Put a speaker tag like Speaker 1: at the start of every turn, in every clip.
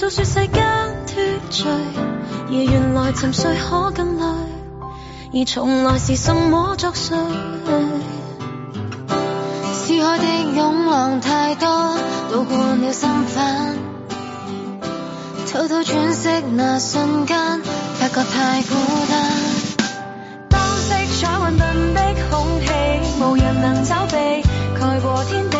Speaker 1: 就算世間脫罪，而原來沉睡可更累，而從來是心魔作祟？撕開的勇浪太多，倒灌了心扉，偷偷喘息那瞬間，發覺太孤單。當色彩混沌的空氣，無人能走避，蓋過天地。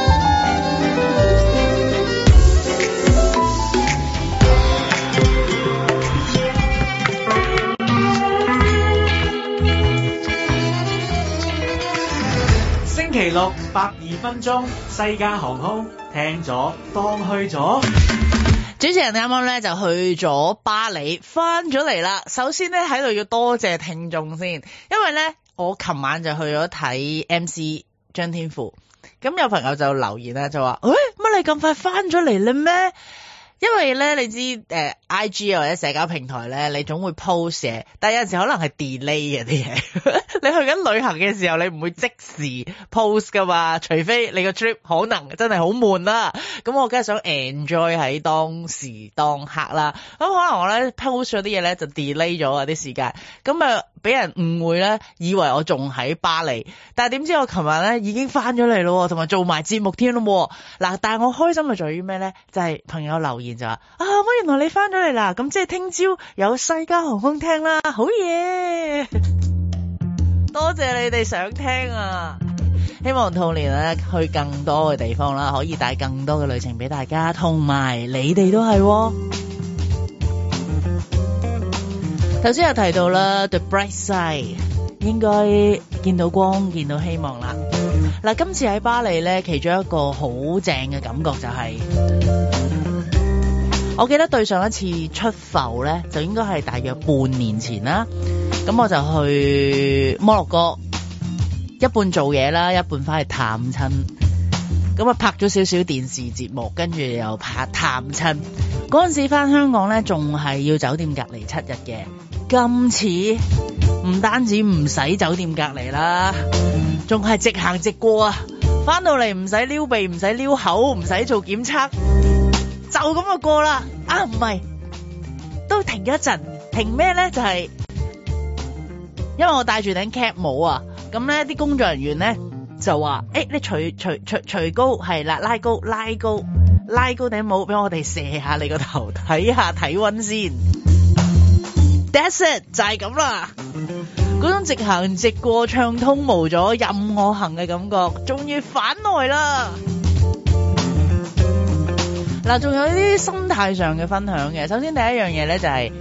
Speaker 2: 星期六百二分鐘，西
Speaker 3: 加航空聽咗當去咗。主持人啱啱咧就去咗巴黎，翻咗嚟啦。首先咧喺度要多謝聽眾先，因為咧我琴晚就去咗睇 MC 張天賦，咁有朋友就留言啦就話：喂、哎，乜你咁快翻咗嚟咧咩？因為咧，你知誒、呃、，IG 或者社交平台咧，你總會 post 嘢，但係有陣時可能係 delay 嘅啲嘢。 你去緊旅行嘅時候，你唔會即時 post 噶嘛，除非你個 trip 可能真係好悶啦、啊。咁我梗係想 enjoy 喺當時當刻啦。咁可能我咧 post 咗啲嘢咧，就 delay 咗啲時間。咁啊，俾人誤會咧，以為我仲喺巴黎。但係點知我琴日咧已經翻咗嚟咯，同埋做埋節目添咯嗱，但係我開心係在於咩咧？就係、是、朋友留言。就話啊，我原來你翻咗嚟啦，咁即係聽朝有西加航空聽啦，好嘢！ 多謝你哋想聽啊，希望兔年咧去更多嘅地方啦，可以帶更多嘅旅程俾大家，同埋你哋都係。頭先又提到啦，The Bright Side 應該見到光，見到希望啦。嗱，今次喺巴黎咧，其中一個好正嘅感覺就係、是。我記得對上一次出埠咧，就應該係大約半年前啦。咁我就去摩洛哥，一半做嘢啦，一半翻去探親。咁啊拍咗少少電視節目，跟住又拍探親。嗰陣時翻香港咧，仲係要酒店隔離七日嘅。今次唔單止唔使酒店隔離啦，仲係直行直過啊！翻到嚟唔使撩鼻，唔使撩口，唔使做檢測。就咁就過啦，啊唔係，都停咗一陣，停咩咧？就係、是、因為我戴住頂 cap 帽啊，咁咧啲工作人員咧就話，誒、欸，你除除除除高係啦，拉高拉高拉高頂帽俾我哋射下你個頭，睇下體溫先。That's it，就係咁啦，嗰種直行直過暢通無阻任我行嘅感覺，終於返來啦。嗱，仲有啲心態上嘅分享嘅。首先第一樣嘢咧就係，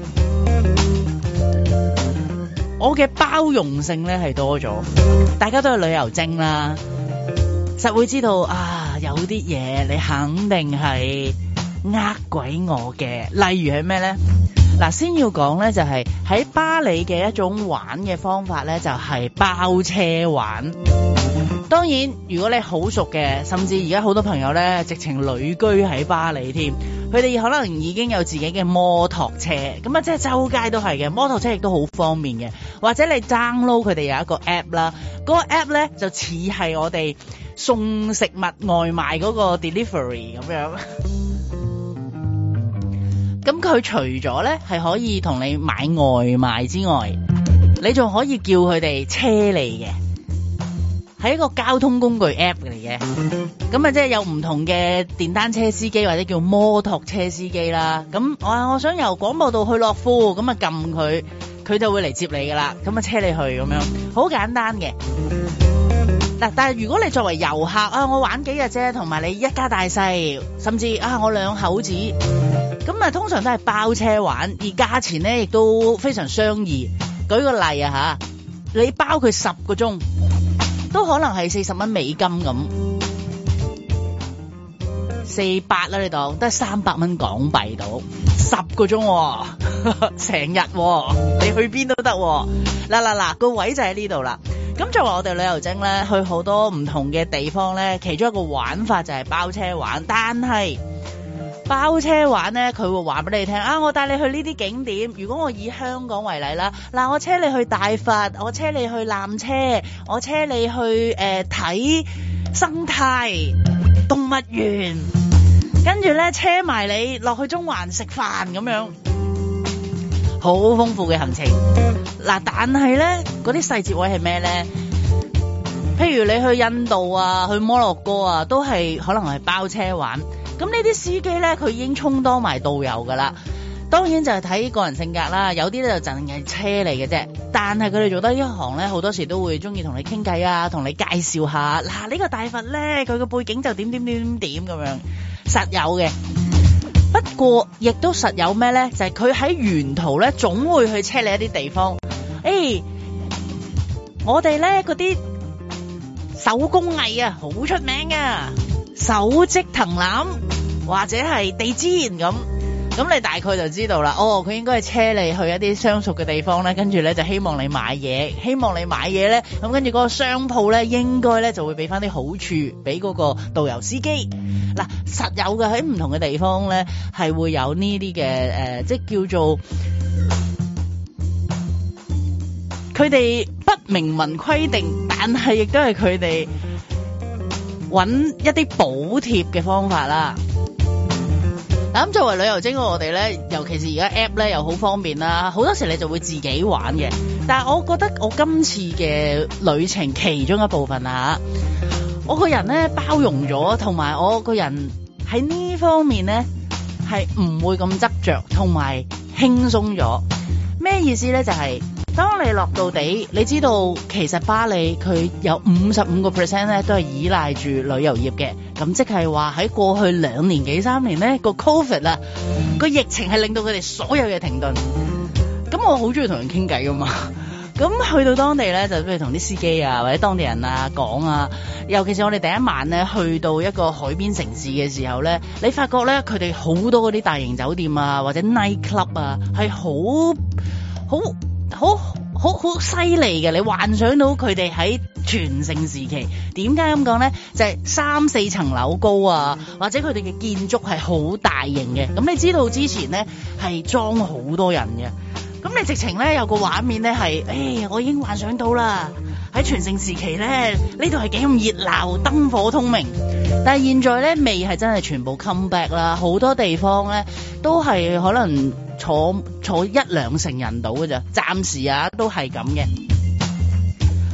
Speaker 3: 我嘅包容性咧係多咗。大家都係旅遊精啦，實會知道啊，有啲嘢你肯定係呃鬼我嘅。例如係咩呢？嗱，先要講呢，就係喺巴黎嘅一種玩嘅方法呢，就係包車玩。當然，如果你好熟嘅，甚至而家好多朋友呢，直情旅居喺巴黎添，佢哋可能已經有自己嘅摩托車，咁啊，即係周街都係嘅摩托車，亦都好方便嘅。或者你 download 佢哋有一個 app 啦，嗰個 app 呢就似係我哋送食物外賣嗰個 delivery 咁樣。咁 佢除咗呢係可以同你買外賣之外，你仲可以叫佢哋車嚟嘅。係一個交通工具 App 嚟嘅，咁啊即係有唔同嘅電單車司機或者叫摩托車司機啦。咁我我想由廣播道去樂富，咁啊撳佢，佢就會嚟接你㗎啦。咁啊車你去咁樣，好簡單嘅。嗱，但係如果你作為遊客啊，我玩幾日啫，同埋你一家大細，甚至啊我兩口子，咁啊通常都係包車玩，而價錢咧亦都非常相宜。舉個例啊嚇，你包佢十個鐘。都可能係四十蚊美金咁，啊，四百啦你度，都係三百蚊港幣到，十個鐘，啊，成日，啊，你去邊都得，啊，嗱嗱嗱，個位就喺呢度啦。咁就話我哋旅遊精咧，去好多唔同嘅地方咧，其中一個玩法就係包車玩，但係。包車玩呢，佢會話俾你聽啊，我帶你去呢啲景點。如果我以香港為例啦，嗱，我車你去大佛，我車你去纜車，我車你去誒睇、呃、生態動物園，跟住呢，車埋你落去中環食飯咁樣，好豐富嘅行程。嗱，但係呢，嗰啲細節位係咩呢？譬如你去印度啊，去摩洛哥啊，都係可能係包車玩。咁呢啲司機咧，佢已經充當埋導遊噶啦。嗯、當然就係睇個人性格啦，有啲咧就淨係車嚟嘅啫。但係佢哋做得呢一行咧，好多時都會中意同你傾偈啊，同你介紹下嗱呢、啊呢個大佛咧，佢個背景就點點點點咁樣，怎樣，怎樣，怎樣，樣實有嘅。不過亦都實有咩咧？就係佢喺沿途咧，總會去車你一啲地方。誒、欸，我哋咧嗰啲手工藝啊，好出名噶。手織藤籃或者係地氈咁，咁你大概就知道啦。哦，佢應該係車你去一啲相熟嘅地方咧，跟住咧就希望你買嘢，希望你買嘢咧，咁跟住嗰個商鋪咧，應該咧就會俾翻啲好處俾嗰個導遊司機。嗱、啊，實有嘅。喺唔同嘅地方咧，係會有呢啲嘅誒，即係叫做佢哋不明文規定，但係亦都係佢哋揾一啲補貼嘅方法啦。嗱，咁作為旅遊精，我哋咧，尤其是而家 app 咧，又好方便啦。好多時你就會自己玩嘅。但係我覺得我今次嘅旅程其中一部分啊，我個人咧包容咗，同埋我個人喺呢方面咧係唔會咁執着，同埋輕鬆咗。咩意思咧？就係、是。當你落到地，你知道其實巴厘佢有五十五個 percent 咧，都係依賴住旅遊業嘅。咁即係話喺過去兩年幾三年咧，個 covid 啊，個、嗯、疫情係令到佢哋所有嘢停頓。咁我好中意同人傾偈噶嘛。咁去到當地咧，就譬如同啲司機啊或者當地人啊講啊。尤其是我哋第一晚咧，去到一個海邊城市嘅時候咧，你發覺咧佢哋好多嗰啲大型酒店啊或者 night club 啊，係好好。很好好好犀利嘅，你幻想到佢哋喺全盛時期點解咁講呢，就係三四層樓高啊，或者佢哋嘅建築係好大型嘅。咁你知道之前呢係裝好多人嘅。咁你直情呢有個畫面呢係，唉，我已經幻想到啦。喺全盛時期呢，呢度係幾咁熱鬧，燈火通明。但係現在呢，未係真係全部 come back 啦，好多地方呢都係可能。坐坐一兩成人到嘅咋，暫時啊都係咁嘅，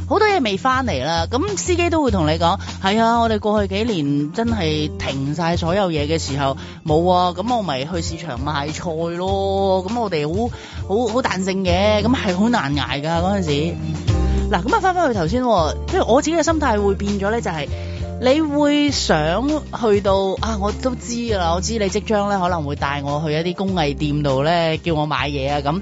Speaker 3: 好多嘢未翻嚟啦。咁司機都會同你講，係啊，我哋過去幾年真係停晒所有嘢嘅時候冇啊，咁我咪去市場賣菜咯。咁我哋好好好彈性嘅，咁係好難挨噶嗰陣時。嗱咁啊，翻翻去頭先，即係我自己嘅心態會變咗咧，就是，就係。你會想去到啊？我都知㗎啦，我知你即將咧可能會帶我去一啲工藝店度咧，叫我買嘢啊咁。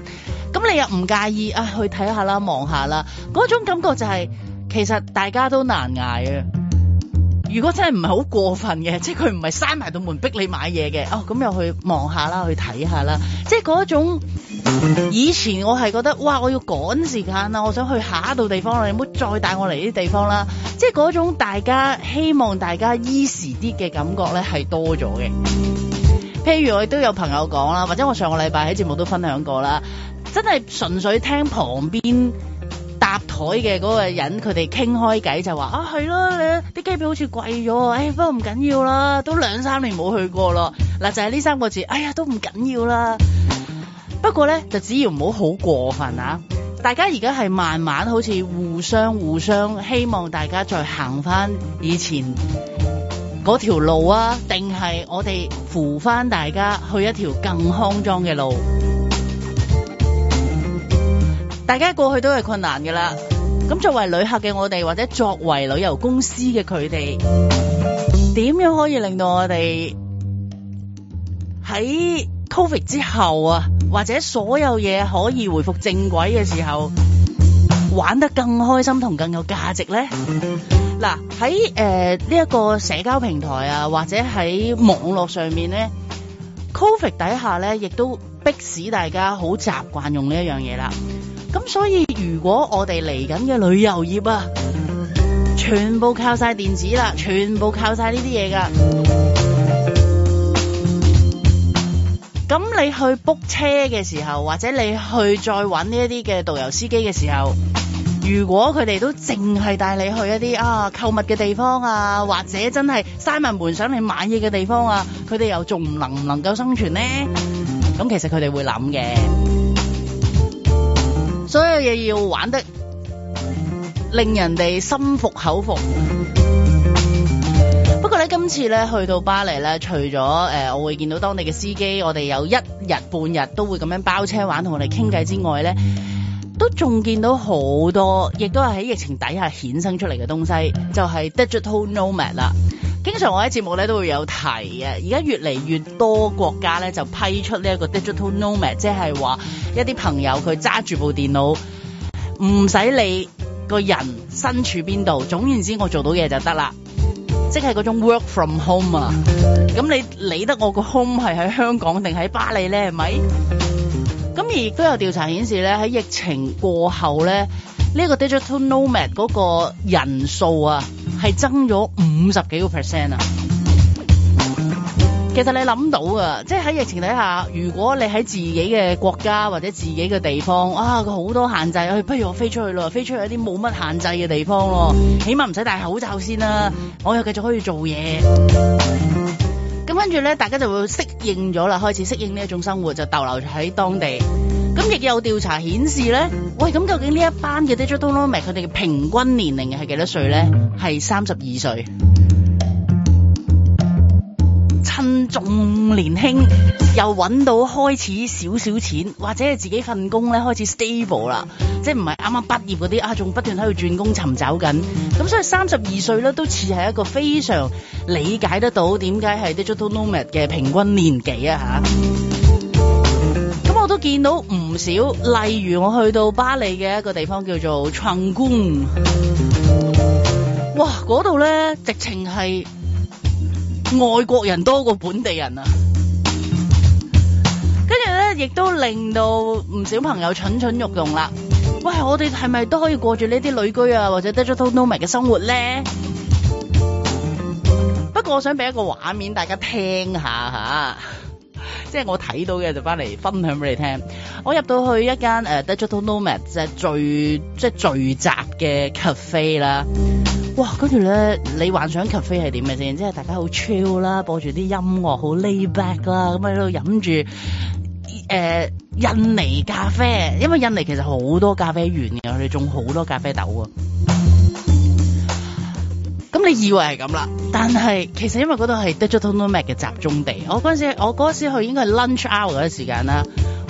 Speaker 3: 咁你又唔介意啊？去睇下啦，望下啦。嗰種感覺就係其實大家都難捱啊。如果真係唔係好過分嘅，即係佢唔係閂埋道門逼你買嘢嘅，哦咁又去望下啦，去睇下啦，即係嗰種以前我係覺得，哇！我要趕時間啦，我想去下一度地方啦，你唔好再帶我嚟呢啲地方啦。即係嗰種大家希望大家依時啲嘅感覺咧係多咗嘅。譬如我亦都有朋友講啦，或者我上個禮拜喺節目都分享過啦，真係純粹聽旁邊。搭台嘅嗰個人，佢哋傾開偈就話：啊，係咯、啊，你啲、啊、機票好似貴咗啊！誒、哎，不過唔緊要啦，都兩三年冇去過咯。嗱、啊，就係、是、呢三個字，哎呀，都唔緊要啦。不過咧，就只要唔好好過分啊！大家而家係慢慢好似互相互相，希望大家再行翻以前嗰條路啊，定係我哋扶翻大家去一條更康莊嘅路。大家過去都係困難噶啦。咁作為旅客嘅我哋，或者作為旅遊公司嘅佢哋，點樣可以令到我哋喺 Covid 之後啊，或者所有嘢可以回復正軌嘅時候，玩得更開心同更有價值咧？嗱，喺誒呢一個社交平台啊，或者喺網絡上面咧，Covid 底下咧，亦都迫使大家好習慣用呢一樣嘢啦。咁所以，如果我哋嚟緊嘅旅遊業啊，全部靠晒電子啦，全部靠晒呢啲嘢噶。咁 你去 book 車嘅時候，或者你去再揾呢一啲嘅導遊司機嘅時候，如果佢哋都淨係帶你去一啲啊購物嘅地方啊，或者真係閂埋門想你買嘢嘅地方啊，佢哋又仲能唔能夠生存呢？咁其實佢哋會諗嘅。所有嘢要玩得令人哋心服口服。不過咧，今次咧去到巴黎咧，除咗、呃、我會見到當地嘅司機，我哋有一日半日都會咁樣包車玩同我哋傾偈之外咧，都仲見到好多，亦都係喺疫情底下衍生出嚟嘅東西，就係、是、digital nomad 啦。經常我喺節目咧都會有提啊，而家越嚟越多國家咧就批出呢一個 digital nomad，即係話一啲朋友佢揸住部電腦，唔使理個人身處邊度，總言之我做到嘢就得啦，即係嗰種 work from home 啊。咁你理得我個 home 係喺香港定喺巴黎咧，係咪？咁而亦都有調查顯示咧，喺疫情過後咧。呢個 digital nomad 嗰個人數啊，係增咗五十幾個 percent 啊！其實你諗到啊，即係喺疫情底下，如果你喺自己嘅國家或者自己嘅地方啊，佢好多限制啊，不如我飛出去咯，飛出去一啲冇乜限制嘅地方咯，起碼唔使戴口罩先啦，啊，我又繼續可以做嘢。咁跟住咧，大家就會適應咗啦，開始適應呢一種生活，就逗留喺當地。亦有調查顯示咧，喂，咁究竟呢一班嘅 digital nomad 佢哋嘅平均年齡係幾多歲咧？係三十二歲，趁仲年輕又揾到開始少少錢，或者係自己份工咧，開始 stable 啦，即係唔係啱啱畢業嗰啲啊，仲不斷喺度轉工尋找緊。咁所以三十二歲咧都似係一個非常理解得到點解係 digital nomad 嘅平均年紀啊嚇。都見到唔少，例如我去到巴里嘅一個地方叫做 Canggu 哇！嗰度咧直情係外國人多過本地人啊，跟住咧亦都令到唔少朋友蠢蠢欲動啦。喂，我哋係咪都可以過住呢啲旅居啊或者 digital nomad 嘅生活咧？不過我想俾一個畫面大家聽一下，一下即係我睇到嘅就翻嚟分享俾你聽。我入到去一間誒、uh, Digital Nomad 即係聚即係聚集嘅 cafe 啦。哇！跟住咧，你幻想 cafe 係點嘅先？即係大家好 chill 啦，播住啲音樂，好 lay back 啦，咁喺度飲住誒印尼咖啡。因為印尼其實好多咖啡園嘅，佢哋種好多咖啡豆啊。咁你以為係咁啦，但係其實因為嗰度係 digital nomad 嘅集中地，我嗰陣時我嗰陣時去應該係 lunch hour 嗰陣時間啦，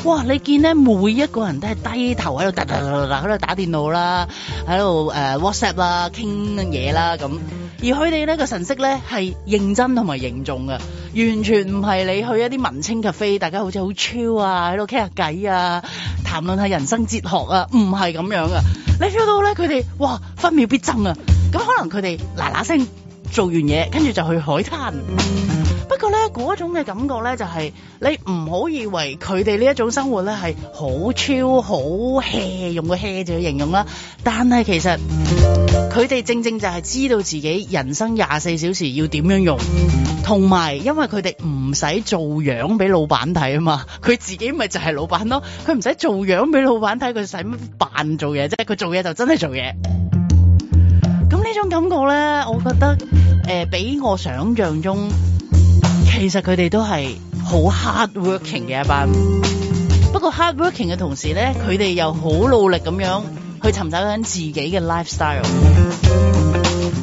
Speaker 3: 哇！你見咧每一個人都係低頭喺度喺度打電腦啦，喺度、呃、WhatsApp 啦傾嘢啦咁，而佢哋呢個神色咧係認真同埋認重嘅，完全唔係你去一啲文青嘅 cafe 大家好似好 chill 啊喺度傾下偈啊，談論、啊、下人生哲學啊，唔係咁樣啊！你 feel 到咧佢哋哇分秒必爭啊！咁可能佢哋嗱嗱聲做完嘢，跟住就去海灘。不過咧，嗰種嘅感覺咧、就是，就係你唔好以為佢哋呢一種生活咧係好超好 hea，用個 hea 字去形容啦。但係其實佢哋正正就係知道自己人生廿四小時要點樣用，同埋因為佢哋唔使做樣俾老闆睇啊嘛，佢自己咪就係老闆咯。佢唔使做樣俾老闆睇，佢使乜扮做嘢啫？佢做嘢就真係做嘢。呢種感覺咧，我覺得誒、呃，比我想象中，其實佢哋都係好 hardworking 嘅一班。不過 hardworking 嘅同時咧，佢哋又好努力咁樣去尋找緊自己嘅 lifestyle。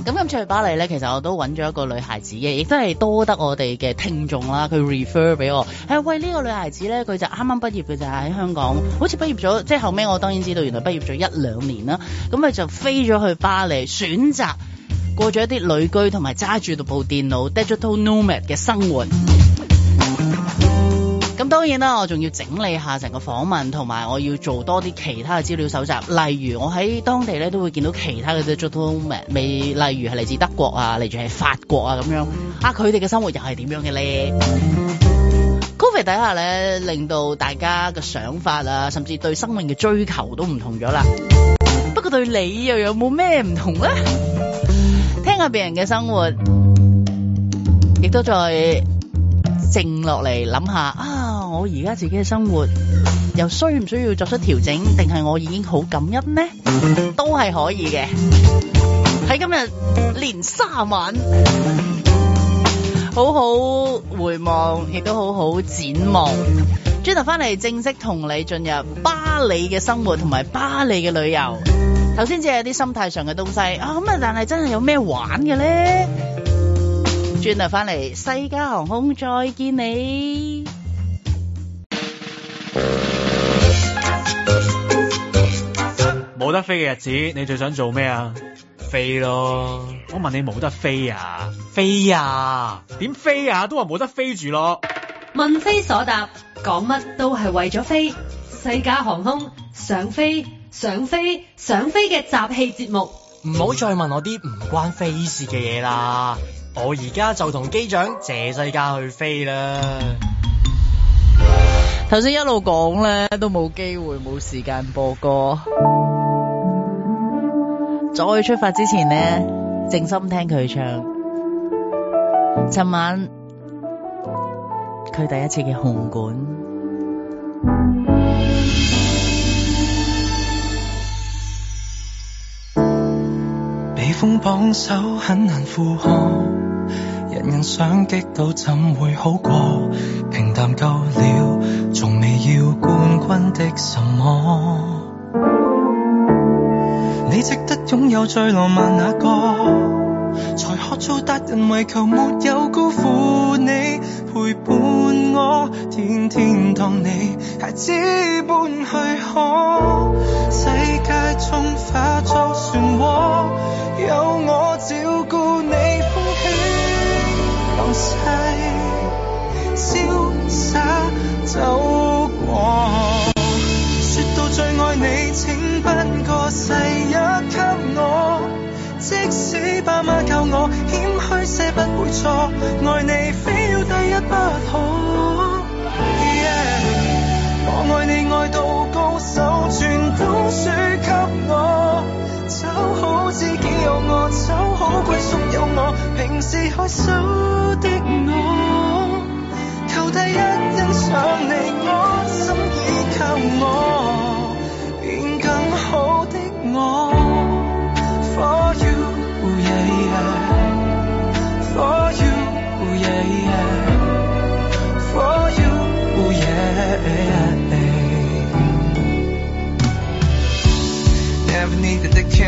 Speaker 3: 咁今次去巴黎咧，其實我都揾咗一個女孩子嘅，亦都係多得我哋嘅聽眾啦。佢 refer 俾我，係、哎、喂呢、這個女孩子咧，佢就啱啱畢業嘅就喺香港，好似畢業咗，即後尾我當然知道，原來畢業咗一兩年啦。咁咪就飛咗去巴黎，選擇過咗一啲旅居同埋揸住部電腦 digital nomad 嘅生活。咁當然啦，我仲要整理下成個訪問，同埋我要做多啲其他嘅資料搜集。例如我喺當地咧都會見到其他嘅啲 journalist，例如係嚟自德國啊，嚟住係法國啊咁樣啊，佢哋嘅生活又係點樣嘅咧？Covid 底下咧，令到大家嘅想法啊，甚至對生命嘅追求都唔同咗啦。不過對你又有冇咩唔同咧？聽下別人嘅生活，亦都再靜落嚟諗下想想啊。我而家自己嘅生活又需唔需要作出調整？定係我已經好感恩呢？都係可以嘅。喺今日連三晚，好好回望，亦都好好展望。轉頭翻嚟正式同你進入巴黎嘅生活同埋巴黎嘅旅遊。頭先只係啲心態上嘅東西啊，咁啊，但係真係有咩玩嘅咧？轉頭翻嚟，西加航空再見你。
Speaker 2: 冇得飛嘅日子，你最想做咩啊？
Speaker 3: 飛咯！我問你冇得飛啊？飛啊？點飛啊？都話冇得飛住咯。問非所答，講乜都係為咗飛。西加航空，想飛想飛想飛嘅集氣節目。唔好再問我啲唔關飛事嘅嘢啦。我而家就同機長謝西加去飛啦。頭先一路講咧，都冇機會，冇時間播歌。再出發之前呢，靜心聽佢唱。尋晚，佢第一次嘅紅館。
Speaker 1: 被封榜首很難負荷，人人想擊倒怎會好過？平淡夠了，從未要冠軍的什麼。你值得擁有最浪漫那個，才可做達人，為求沒有辜負你陪伴我，天天當你孩子般去呵護，世界縱化作漩渦，有我照顧你，風輕浪細，瀟灑走過。愛你，請
Speaker 4: 不過世一給我。即使爸媽教我謙虛些不會錯，愛
Speaker 1: 你非要第一不可。Yeah，我愛你愛到高手全都輸給我，找好自己有我，找好歸宿有我，平時害羞的我，求第一欣賞你，安心依靠我。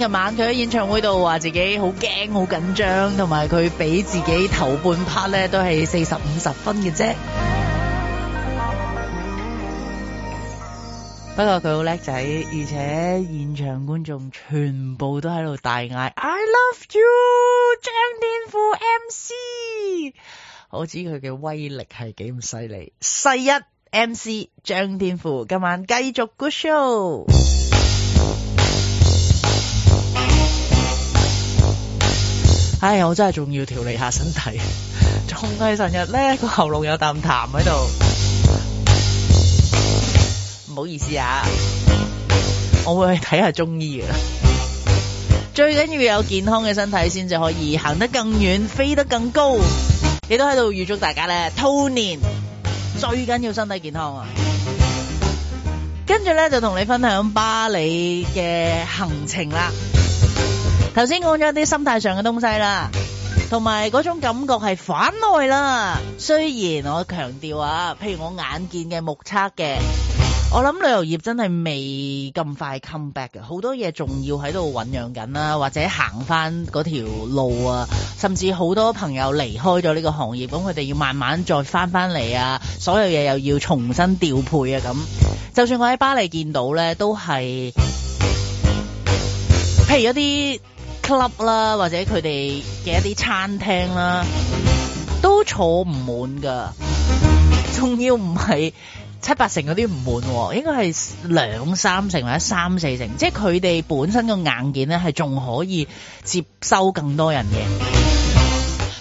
Speaker 3: 日晚佢喺演唱會度話自己好驚、好緊張，同埋佢俾自己頭半 part 咧都係四十五十分嘅啫。 不過佢好叻仔，而且現場觀眾全部都喺度大嗌 I love you，張
Speaker 4: 天賦 MC，
Speaker 3: 我知佢嘅威力係幾咁犀利。世一 MC 張天賦今晚繼續 good show。唉，我真係仲要調理下身體，仲係成日咧個喉嚨有啖痰喺度，唔好意思啊，我會去睇下中醫嘅，最緊要有健康嘅身體先至可以行得更遠，飛得更高。亦都喺度預祝大家咧兔年，最緊要身體健康啊！跟住咧就同你分享巴黎嘅行程啦。頭先講咗一啲心態上嘅東西啦，同埋嗰種感覺係反外啦。雖然我強調啊，譬如我眼見嘅、目測嘅，我諗旅遊業真係未咁快 come back 嘅，好多嘢仲要喺度醞釀緊啦，或者行翻嗰條路啊，甚至好多朋友離開咗呢個行業，咁佢哋要慢慢再翻翻嚟啊，所有嘢又要重新調配啊。咁就算我喺巴黎見到咧，都係譬如一啲。club 啦，或者佢哋嘅一啲餐廳啦，都坐唔滿噶。仲要唔係七八成嗰啲唔滿，應該係兩三成或者三四成，即係佢哋本身個硬件咧係仲可以接收更多人嘅。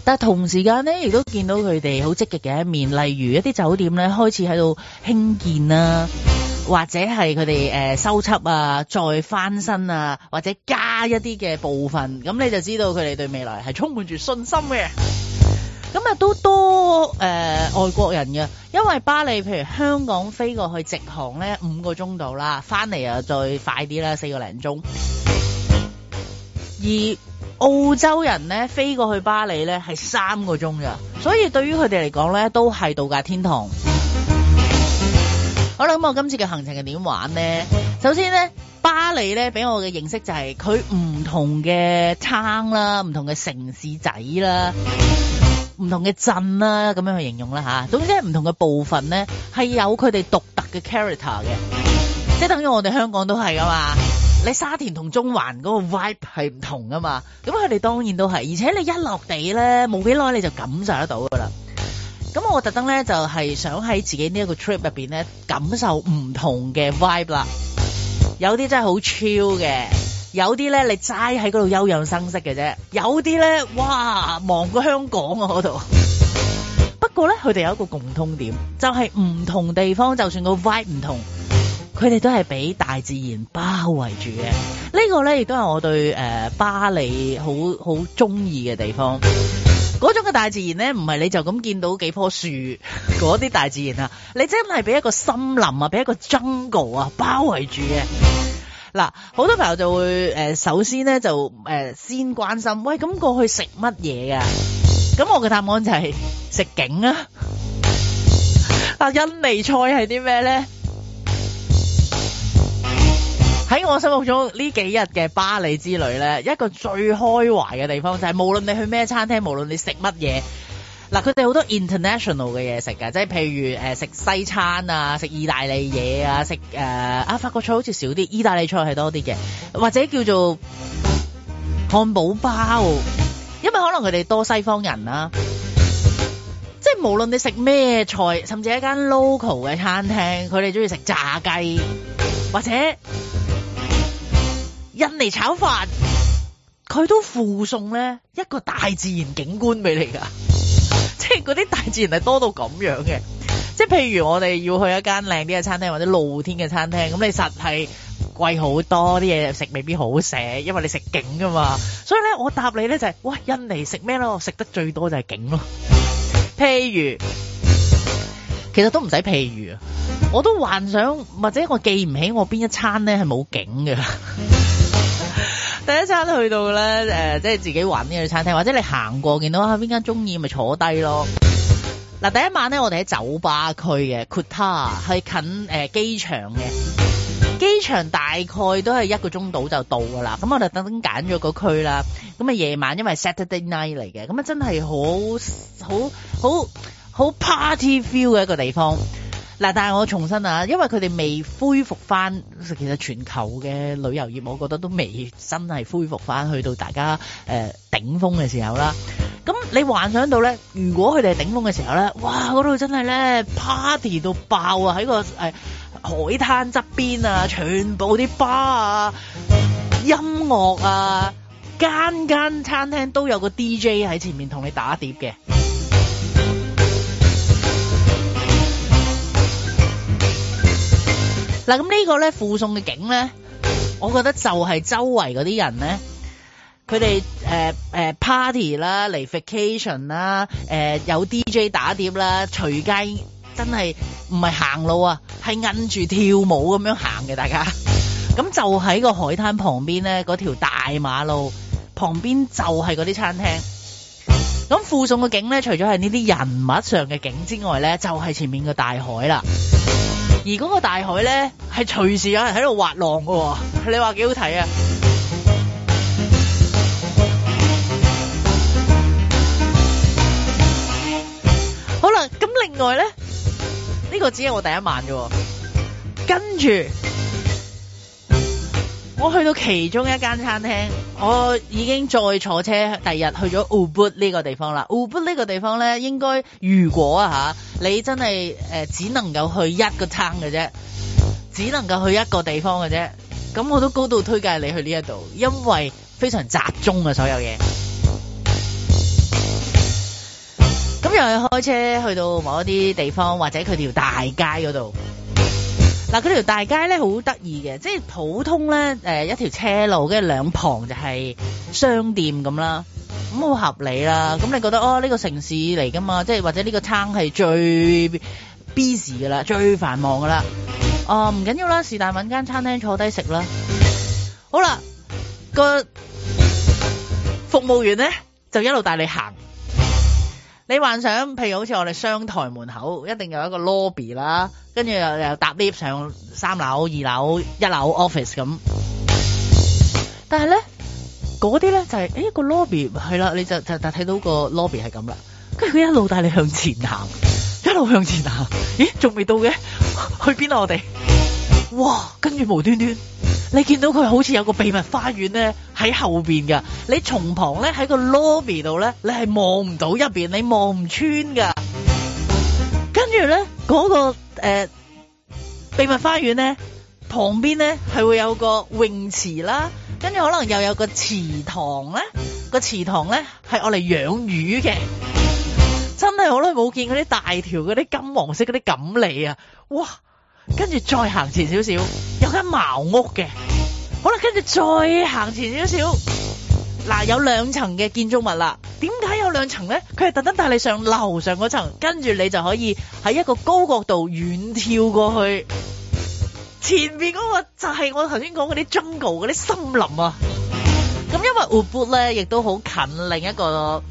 Speaker 3: 但係同時間咧，亦都見到佢哋好積極嘅一面，例如一啲酒店咧開始喺度興建啦、啊。或者係佢哋誒修葺啊，再翻新啊，或者加一啲嘅部分，咁你就知道佢哋對未來係充滿住信心嘅。咁啊，都多誒外國人嘅，因為峇里，譬如香港飛過去直航咧五個鐘度啦，翻嚟啊再快啲啦四個零鐘。而澳洲人咧飛過去峇里咧係三個鐘咋，所以對於佢哋嚟講咧都係度假天堂。好啦，咁我今次嘅行程係點玩咧？首先咧，巴黎咧俾我嘅認識就係佢唔同嘅撐啦，唔同嘅城市仔啦，唔同嘅鎮啦，咁樣去形容啦吓、啊。總之係唔同嘅部分咧，係有佢哋獨特嘅 character 嘅，即係等於我哋香港都係噶嘛。你沙田同中環嗰個 vibe 係唔同噶嘛？咁佢哋當然都係，而且你一落地咧，冇幾耐你就感受得到噶啦。咁我特登咧就係、是、想喺自己呢一個 trip 入邊咧感受唔同嘅 vibe 啦，有啲真係好 chill 嘅，有啲咧你齋喺嗰度休養生息嘅啫，有啲咧哇，忙過香港啊嗰度。 不過咧佢哋有一個共通點，就係、是、唔同地方就算個 vibe 唔同，佢哋都係俾大自然包圍住嘅。這個、呢個咧亦都係我對誒、呃、巴黎好好中意嘅地方。嗰種嘅大自然咧，唔係你就咁見到幾棵樹，嗰 啲大自然啊，你真係俾一個森林啊，俾一個 jungle 啊包圍住嘅。嗱，好多朋友就會誒、呃，首先咧就誒、呃、先關心，喂，咁過去食乜嘢啊？咁我嘅答案就係、是、食景啊，嗱 印尼菜係啲咩咧？喺我心目中呢幾日嘅巴黎之旅呢，一個最開懷嘅地方就係、是、無論你去咩餐廳，無論你吃什麼食乜嘢，嗱佢哋好多 international 嘅嘢食㗎，即係譬如誒、呃、食西餐啊，食意大利嘢、呃、啊，食誒啊法國菜好似少啲，意大利菜係多啲嘅，或者叫做漢堡包，因為可能佢哋多西方人啦、啊。即係無論你食咩菜，甚至一間 local 嘅餐廳，佢哋中意食炸雞或者，印尼炒飯，佢都附送咧一個大自然景觀俾你噶，即係嗰啲大自然係多到咁樣嘅。即係譬如我哋要去一間靚啲嘅餐廳或者露天嘅餐廳，咁你實係貴好多啲嘢食，未必好食，因為你食景噶嘛。所以咧，我答你咧就係、是，哇，印尼食咩咯？我食得最多就係景咯。譬如，其實都唔使譬如，我都幻想或者我記唔起我邊一餐咧係冇景㗎。第一餐去到咧，誒、呃，即係自己揾呢個餐廳，或者你行過見到啊邊間中意，咪坐低咯。嗱，第一晚咧，我哋喺酒吧區嘅 Kuta，係近誒、呃、機場嘅，機場大概都係一個鐘度就到噶啦。咁我哋等等揀咗個區啦。咁啊夜晚，因為 Saturday night 嚟嘅，咁啊真係好好好好 party feel 嘅一個地方。嗱，但係我重申啊，因為佢哋未恢復翻，其實全球嘅旅遊業，我覺得都未真係恢復翻，去到大家、呃、頂峰嘅時候啦。咁你幻想到咧，如果佢哋係頂峰嘅時候咧，哇！嗰度真係咧 party 到爆啊，喺個海灘側邊啊，全部啲 bar 啊、嗯、音樂啊，間間餐廳都有個 DJ 喺前面同你打碟嘅。嗱，咁呢個咧附送嘅景咧，我覺得就係周圍嗰啲人咧，佢哋誒誒 party 啦，嚟 vacation 啦，誒、呃、有 DJ 打碟啦，隨街真係唔係行路啊，係摁住跳舞咁樣行嘅，大家。咁 就喺個海灘旁邊咧，嗰條大馬路，旁邊就係嗰啲餐廳。咁附送嘅景咧，除咗係呢啲人物上嘅景之外咧，就係、是、前面嘅大海啦。而嗰個大海咧，係隨時有人喺度滑浪嘅，你話幾好睇啊？ 好啦，咁另外咧，呢個只係我第一晚嘅，跟住。我去到其中一間餐廳，我已經再坐車，第日去咗烏 t 呢個地方啦。烏 t 呢個地方呢，應該如果啊吓，你真係誒、呃，只能夠去一個餐嘅啫，只能夠去一個地方嘅啫。咁我都高度推介你去呢一度，因為非常集中嘅所有嘢。咁又係開車去到某一啲地方，或者佢條大街嗰度。嗱，嗰條大街咧好得意嘅，即係普通咧，誒一條車路，跟住兩旁就係商店咁啦，咁好合理啦。咁你覺得哦，呢、這個城市嚟噶嘛，即係或者呢個餐係最 busy 噶啦，最繁忙噶、啊、啦。哦，唔緊要啦，是但搵間餐廳坐低食啦。好啦，那個服務員咧就一路帶你行。你幻想，譬如好似我哋商台門口，一定有一個 lobby 啦，跟住又又搭 lift 上三樓、二樓、一樓 office 咁。但係咧，嗰啲咧就係，誒個 lobby 係啦，你就就睇到個 lobby 係咁啦，跟住佢一路帶你向前行，一路向前行，咦仲未到嘅，去邊啊我哋？哇！跟住無端端，你見到佢好似有個秘密花園咧喺後邊噶，你從旁咧喺個 lobby 度咧，你係望唔到入邊，你望唔穿噶。跟住咧嗰個誒、呃、秘密花園咧旁邊咧係會有個泳池啦，跟住可能又有個池塘咧，個池塘咧係我嚟養魚嘅。真係好耐冇見嗰啲大條嗰啲金黃色嗰啲錦鯉啊！哇！跟住再行前少少，有間茅屋嘅，好啦，跟住再行前少少，嗱、啊、有兩層嘅建築物啦，點解有兩層咧？佢係特登帶你上樓上嗰層，跟住你就可以喺一個高角度遠眺過去，前面嗰個就係我頭先講嗰啲 jungle 嗰啲森林啊，咁因為烏布咧亦都好近另一個，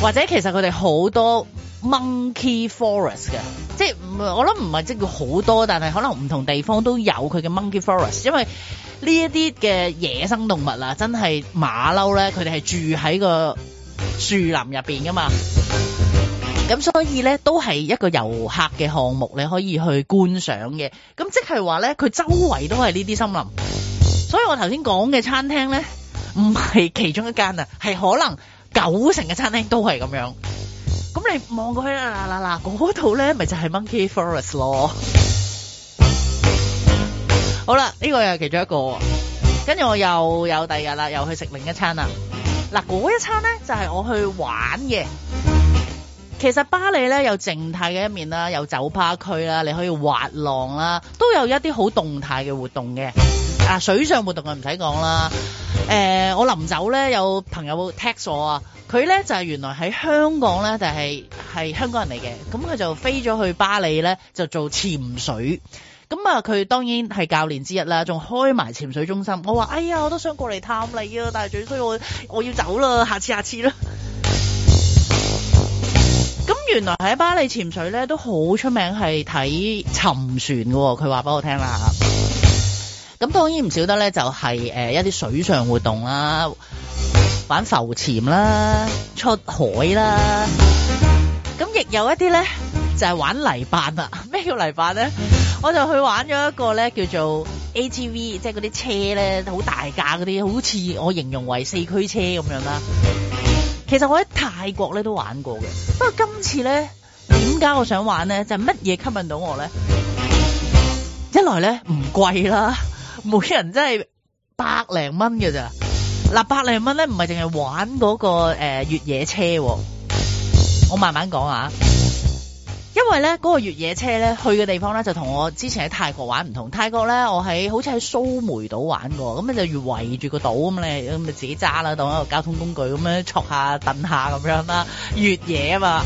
Speaker 3: 或者其實佢哋好多。Monkey Forest 嘅，即係我諗唔係即叫好多，但係可能唔同地方都有佢嘅 Monkey Forest，因為呢一啲嘅野生動物啦，真係馬騮咧，佢哋係住喺個樹林入邊噶嘛。咁所以咧，都係一個遊客嘅項目，你可以去觀賞嘅。咁即係話咧，佢周圍都係呢啲森林。所以我頭先講嘅餐廳咧，唔係其中一間啊，係可能九成嘅餐廳都係咁樣。咁你望過去嗱嗱嗱，嗰度咧，咪就係 Monkey Forest 咯。 好啦，呢、這個又係其中一個。跟住我又有第二日啦，又去食另一餐啦。嗱，嗰一餐咧就係、是、我去玩嘅。其實峇里咧有靜態嘅一面啦，有酒吧區啦，你可以滑浪啦，都有一啲好動態嘅活動嘅。啊，水上活動就唔使講啦。誒、呃，我臨走咧，有朋友 text 我啊，佢咧就係、是、原來喺香港咧，就係、是、係香港人嚟嘅，咁佢就飛咗去巴黎咧，就做潛水。咁啊，佢當然係教練之一啦，仲開埋潛水中心。我話：哎呀，我都想過嚟探你啊，但係最衰我我要走啦，下次下次啦。咁 原來喺巴黎潛水咧都好出名，係睇沉船嘅，哦。佢話俾我聽啦。咁當然唔少得咧，就係誒一啲水上活動啦，玩浮潛啦，出海啦。咁亦 有一啲咧，就係玩泥板啊！咩叫泥板咧？我就去玩咗一個咧，叫做 A T V，即係嗰啲車咧，好大架嗰啲，好似我形容為四驅車咁樣啦。其實我喺泰國咧都玩過嘅，不過今次咧點解我想玩咧？就係乜嘢吸引到我咧？一來咧唔貴啦。每人真係百零蚊嘅咋？嗱，百零蚊咧，唔係淨係玩嗰個誒越野車。我慢慢講啊，因為咧嗰個越野車咧去嘅地方咧就同我之前喺泰國玩唔同。泰國咧，我喺好似喺蘇梅島玩過，咁咧就越圍住個島咁咧，咁咪自己揸啦，當一個交通工具咁樣坐下等下咁樣啦，越野啊嘛。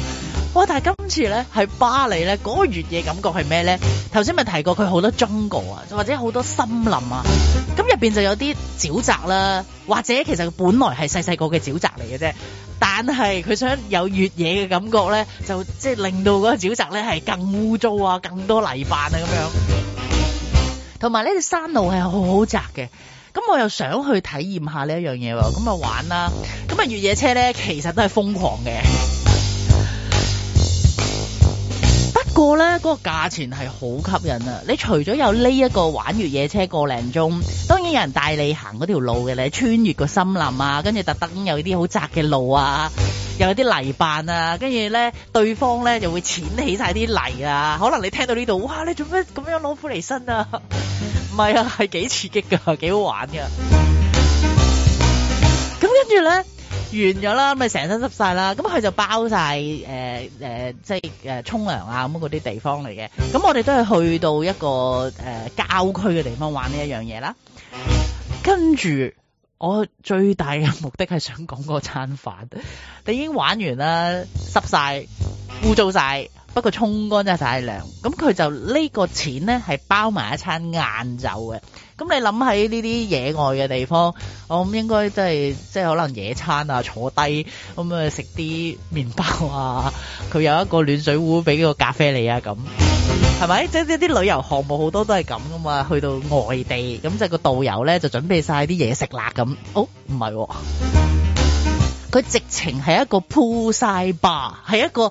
Speaker 3: 但係今次咧，喺巴黎咧，嗰、那個越野感覺係咩咧？頭先咪提過佢好多 Jungle 啊，或者好多森林啊，咁入邊就有啲沼澤啦，或者其實佢本來係細細個嘅沼澤嚟嘅啫，但係佢想有越野嘅感覺咧，就即係、就是、令到嗰個沼澤咧係更污糟啊，更多泥濘啊咁樣。同埋呢啲山路係好好窄嘅，咁我又想去體驗下呢一樣嘢喎，咁啊玩啦，咁、那、啊、個、越野車咧其實都係瘋狂嘅。個咧嗰、嗰個價錢係好吸引啊！你除咗有呢一個玩越野車個零鐘，當然有人帶你行嗰條路嘅，你穿越個森林啊，跟住特登有啲好窄嘅路啊，又有啲泥扮啊，跟住咧對方咧就會濺起晒啲泥啊，可能你聽到呢度哇，你做咩咁樣攞苦嚟辛啊？唔係啊，係幾刺激㗎，幾好玩㗎！咁跟住咧。完咗啦，咪成身濕晒啦，咁佢就包晒誒誒，即係誒沖涼啊，咁嗰啲地方嚟嘅。咁我哋都係去到一個誒、呃、郊區嘅地方玩呢一樣嘢啦。跟住我最大嘅目的係想講嗰餐飯， 你已經玩完啦，濕晒污糟晒，不過沖乾真晒涼。咁佢就呢個錢咧係包埋一餐晏晝嘅。咁你諗喺呢啲野外嘅地方，我、嗯、咁應該都係即係可能野餐啊，坐低咁啊食啲麵包啊，佢有一個暖水壺俾個咖啡你啊，咁係咪？即係啲旅遊項目好多都係咁噶嘛，去到外地咁即係個導遊咧就準備晒啲嘢食啦咁，哦唔係，佢、啊、直情係一個 poolside bar，係一個。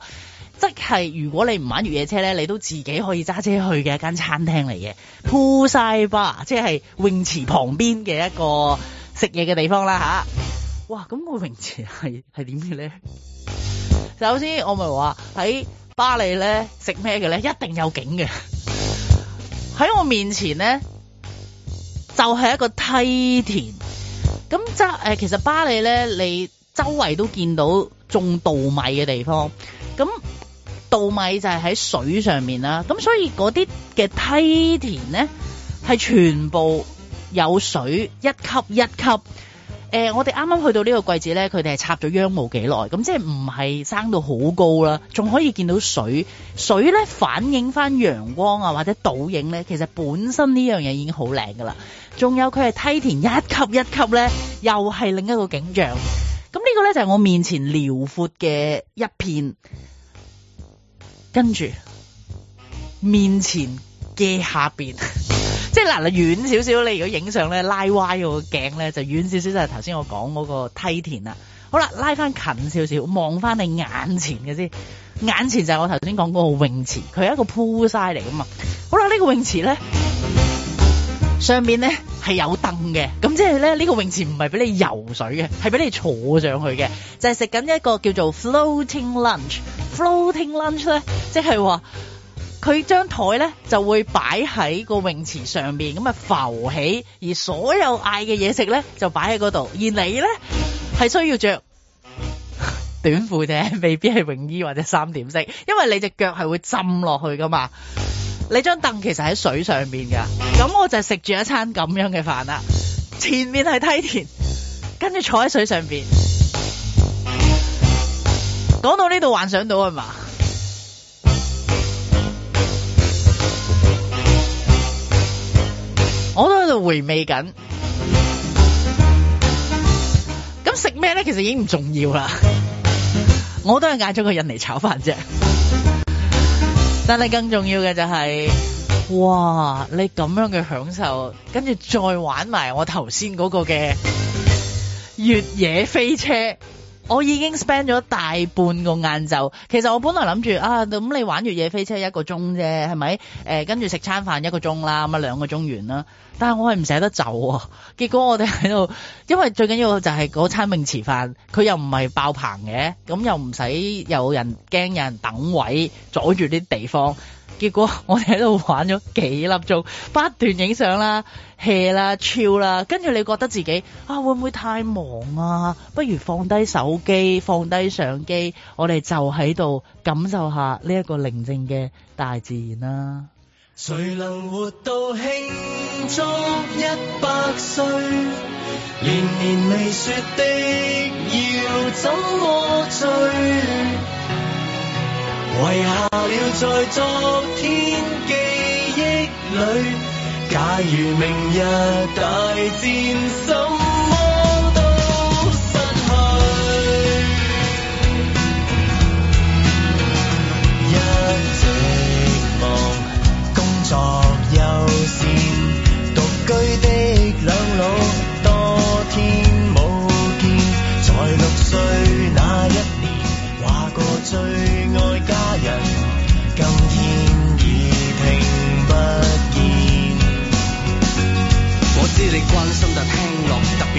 Speaker 3: 即係如果你唔玩越野車咧，你都自己可以揸車去嘅一間餐廳嚟嘅，鋪晒巴，即係泳池旁邊嘅一個食嘢嘅地方啦吓。哇，咁、那個泳池係係點嘅咧？首先我咪話喺巴黎咧食咩嘅咧，一定有景嘅。喺我面前咧就係、是、一個梯田。咁，誒，其實巴黎咧，你周圍都見到種稻米嘅地方咁。稻米就係喺水上面啦，咁所以嗰啲嘅梯田呢，係全部有水，一級一級。誒、呃，我哋啱啱去到呢個季節呢，佢哋係插咗秧冇幾耐，咁即係唔係生到好高啦，仲可以見到水，水呢反映翻陽光啊或者倒影呢，其實本身呢樣嘢已經好靚噶啦。仲有佢係梯田一級一級呢，又係另一個景象。咁呢個呢，就係、是、我面前遼闊嘅一片。跟住面前嘅下邊，即係嗱，嗱遠少少，你如果影相咧，拉歪個鏡，咧，就遠少少就係頭先我講嗰個梯田啦。好啦，拉翻近少少，望翻你眼前嘅先，眼前就係我頭先講嗰個泳池，佢係一個 poolside 嚟噶嘛。好啦，呢個泳池咧上邊咧係有凳嘅，咁即係咧呢個泳池唔係俾你游水嘅，係俾你坐上去嘅，就係食緊一個叫做 floating lunch。Floating lunch 咧，即係話佢張台咧就會擺喺個泳池上邊，咁啊浮起，而所有嗌嘅嘢食咧就擺喺嗰度，而你咧係需要着短褲啫，未必係泳衣或者三點式，因為你隻腳係會浸落去噶嘛。你張凳其實喺水上邊噶，咁我就食住一餐咁樣嘅飯啦。前面係梯田，跟住坐喺水上邊。講到呢度，幻想到吖
Speaker 4: 嘛，
Speaker 3: 我都喺度回味緊。咁食咩咧？其實已經唔重要啦。我都係嗌咗個印尼炒飯啫。但係更重要嘅就係、是，哇！你咁樣嘅享受，跟住再玩埋我頭先嗰個嘅越野飛車。我已經 spend 咗大半個晏晝，其實我本來諗住啊，咁你玩越野飛車一個鐘啫，係咪？誒，跟住食餐飯一個鐘啦，咁啊兩個鐘完啦。但係我係唔捨得走喎、啊。結果我哋喺度，因為最緊要就係嗰餐泳池飯，佢又唔係爆棚嘅，咁又唔使有人驚有人等位，阻住啲地方。結果我哋喺度玩咗幾粒鐘，不斷影相啦，hea 啦，chill 啦。跟住你覺得自己啊會唔會太忙啊？不如放低手機，放低相機，我哋就喺度感受下呢個寧靜嘅大自然啦。
Speaker 1: 誰能活到慶祝一百歲？年年未說的，要怎麼醉遺下了在昨天記憶裏，假如明日大
Speaker 4: 戰手。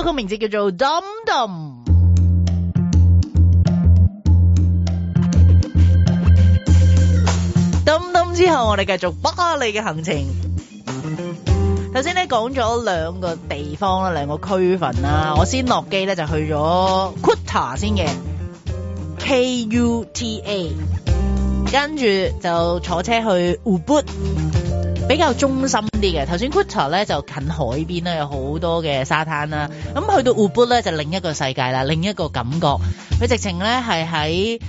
Speaker 3: 嗰個名字叫做 Dumdum。Dumdum 之後，我哋繼續巴黎嘅行程。頭先咧講咗兩個地方啦，兩個區份啦。我先落機咧就去咗 Kuta 先嘅，K U T A，跟住就坐車去 Ubud 比較中心啲嘅，頭先 Kuta 咧就近海邊啦，有好多嘅沙灘啦、啊。咁去到 Ubud 咧就另一個世界啦，另一個感覺。佢直情咧係喺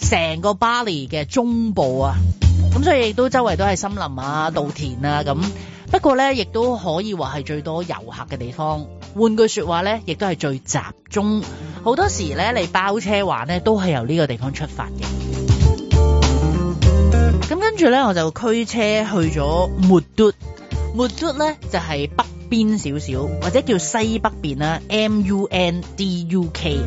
Speaker 3: 成個巴厘嘅中部啊，咁所以亦都周圍都係森林啊、稻田啊咁。不過咧，亦都可以話係最多遊客嘅地方。換句說話咧，亦都係最集中。好多時咧嚟包車玩咧，都係由呢個地方出發嘅。咁跟住咧，我就驅車去咗 Munduk。Munduk 咧就係、是、北邊少少，或者叫西北邊啦。M U N D U K。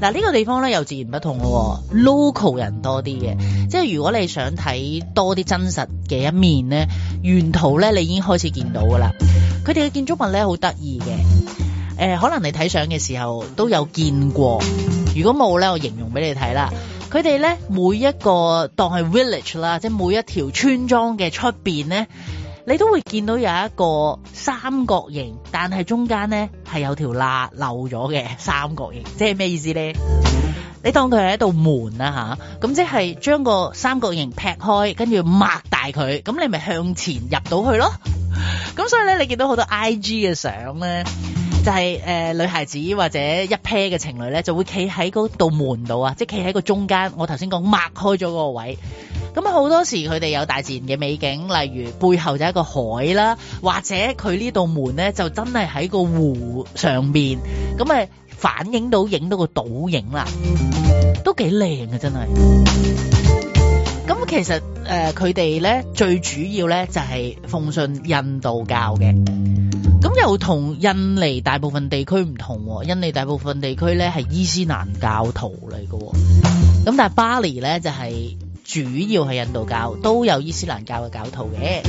Speaker 3: 嗱、這、呢個地方咧又自然不同咯，local 人多啲嘅。即係如果你想睇多啲真實嘅一面咧，沿途咧你已經開始見到噶啦。佢哋嘅建築物咧好得意嘅。誒，可能你睇相嘅時候都有見過。如果冇咧，我形容俾你睇啦。佢哋咧每一個當係 village 啦，即係每一條村莊嘅出邊咧，你都會見到有一個三角形，但係中間咧係有條罅漏咗嘅三角形，即係咩意思咧？你當佢係一道門啦吓，咁即係將個三角形劈開，跟住擘大佢，咁你咪向前入到去咯。咁所以咧，你見到好多 IG 嘅相咧。就係誒女孩子或者一 pair 嘅情侶咧，就會企喺嗰道門度啊，即係企喺個中間。我頭先講擘開咗嗰個位，咁啊好多時佢哋有大自然嘅美景，例如背後就係一個海啦，或者佢呢道門咧就真係喺個湖上面。咁啊反映到影到個倒影啦，都幾靚啊。真係。咁其實誒佢哋咧最主要咧就係奉信印度教嘅。又同印尼大部分地區唔同，印尼大部分地區咧係伊斯蘭教徒嚟嘅，咁但係巴釐咧就係主要係印度教，都有伊斯蘭教嘅教徒嘅，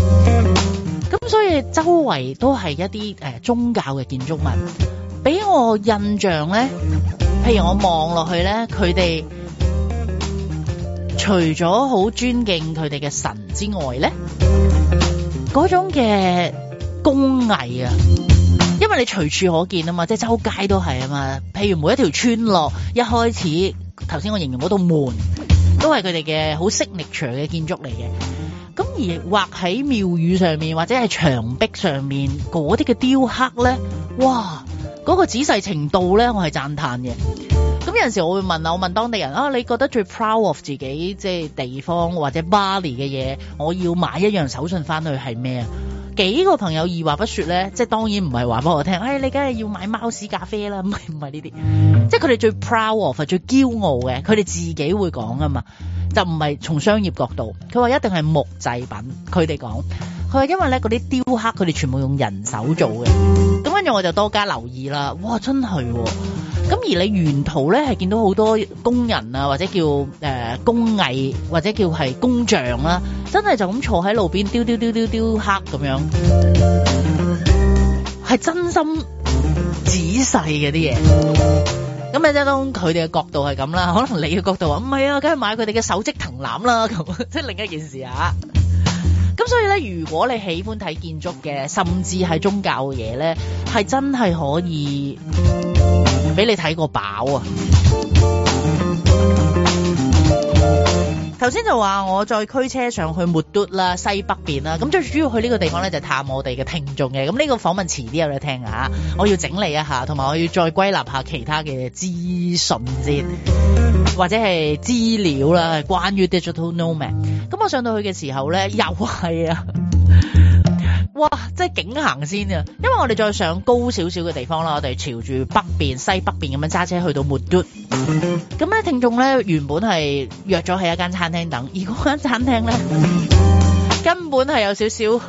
Speaker 3: 咁所以周圍都係一啲誒宗教嘅建築物。俾我印象咧，譬如我望落去咧，佢哋除咗好尊敬佢哋嘅神之外咧，嗰種嘅。工藝啊，因為你隨處可見啊嘛，即係周街都係啊嘛。譬如每一條村落，一開始頭先我形容嗰度門，都係佢哋嘅好 signature 嘅建築嚟嘅。咁而畫喺廟宇上面或者係牆壁上面嗰啲嘅雕刻咧，哇，嗰個仔細程度咧，我係讚嘆嘅。咁有陣時我會問啊，我問當地人啊，你覺得最 proud of 自己即係地方或者巴厘嘅嘢，我要買一樣手信翻去係咩啊？幾個朋友二話不說咧，即係當然唔係話俾我聽，哎，你梗係要買貓屎咖啡啦，唔係唔係呢啲，即係佢哋最 proud of 最驕傲嘅，佢哋自己會講啊嘛，就唔係從商業角度，佢話一定係木製品，佢哋講，佢話因為咧嗰啲雕刻佢哋全部用人手做嘅，咁跟住我就多加留意啦，哇，真係喎，哦。咁而你沿途咧，係見到好多工人啊，或者叫誒、呃、工藝，或者叫係工匠啦、啊，真係就咁坐喺路邊丟丟丟丟丟黑咁樣，係真心仔細嘅啲嘢。咁啊，即係當佢哋嘅角度係咁啦，可能你嘅角度話唔係啊，梗係買佢哋嘅手織藤纜啦，咁即係另一件事啊。咁所以咧，如果你喜歡睇建築嘅，甚至係宗教嘅嘢咧，係真係可以。俾你睇個飽啊！頭先就話我再驅車上去墨都啦，西北邊啦。咁最主要去呢個地方咧，就係、探我哋嘅聽眾嘅。咁呢個訪問遲啲有得聽啊！我要整理一下，同埋我要再歸納一下其他嘅資訊先，或者係資料啦，關於 Digital Nomad。咁我上到去嘅時候咧，又係啊！哇！即係景行先啊，因為我哋再上高少少嘅地方啦，我哋朝住北邊、西北邊咁樣揸車去到末端。咁咧，聽眾咧原本係約咗喺一間餐廳等，而嗰間餐廳咧根本係有少少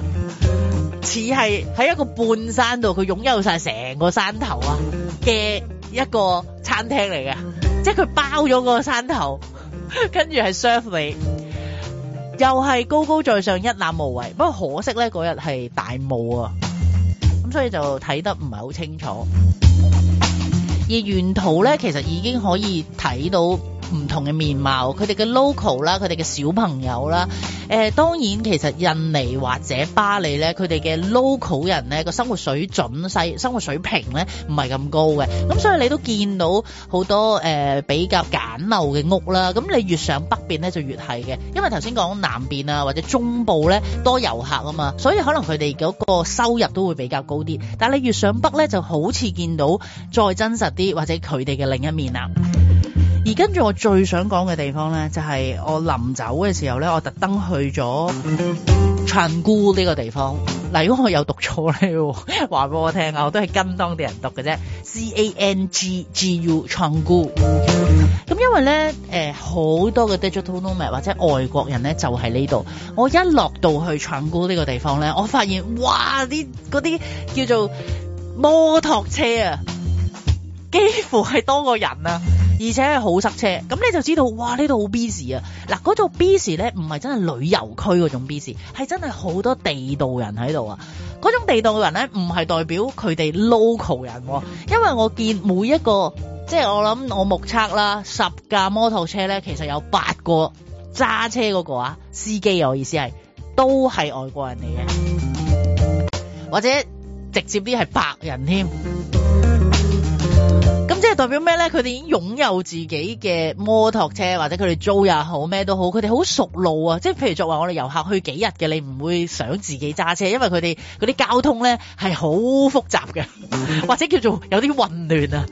Speaker 3: 似係喺一個半山度，佢擁有晒成個山頭啊嘅一個餐廳嚟嘅，即係佢包咗個山頭，跟住係 serve 你。又係高高在上，一覽無遺。不過可惜呢，嗰日係大霧啊，咁所以就睇得唔係好清楚。而沿途呢，其實已經可以睇到唔同嘅面貌，佢哋嘅 local 啦，佢哋嘅小朋友啦，誒、呃，當然其實印尼或者巴釐咧，佢哋嘅 local 人咧，個生活水準、細生活水平咧唔係咁高嘅，咁所以你都見到好多誒、呃、比較簡陋嘅屋啦。咁你越上北邊咧就越係嘅，因為頭先講南邊啊或者中部咧多遊客啊嘛，所以可能佢哋嗰個收入都會比較高啲。但你越上北咧就好似見到再真實啲或者佢哋嘅另一面啦。而跟住我最想講嘅地方咧，就係、是、我臨走嘅時候咧，我特登去咗 Canggu 呢個地方。嗱，如果我有讀錯咧，話俾我聽啊，我都係跟當地人讀嘅啫。C A N G G U Canggu。咁因為咧，好、呃、多嘅 digital nomad 或者外國人咧，就喺呢度。我一落到去 Canggu 呢個地方咧，我發現哇！啲嗰啲叫做摩托車啊，幾乎係多個人啊！而且係好塞車，咁你就知道哇！呢度好 busy 啊！嗱，嗰度 busy 咧，唔係真係旅遊區嗰種 busy，係真係好多地道人喺度啊！嗰種地道嘅人咧，唔係代表佢哋 local 人，因為我見每一個，即係我諗我目測啦，十架摩托車咧，其實有八個揸車嗰個啊，司機我意思係都係外國人嚟嘅，或者直接啲係白人添。代表咩咧？佢哋已經擁有自己嘅摩托車，或者佢哋租又好咩都好，佢哋好熟路啊！即係譬如作為我哋遊客去幾日嘅，你唔會想自己揸車，因為佢哋嗰啲交通咧係好複雜嘅，或者叫做有啲混亂啊！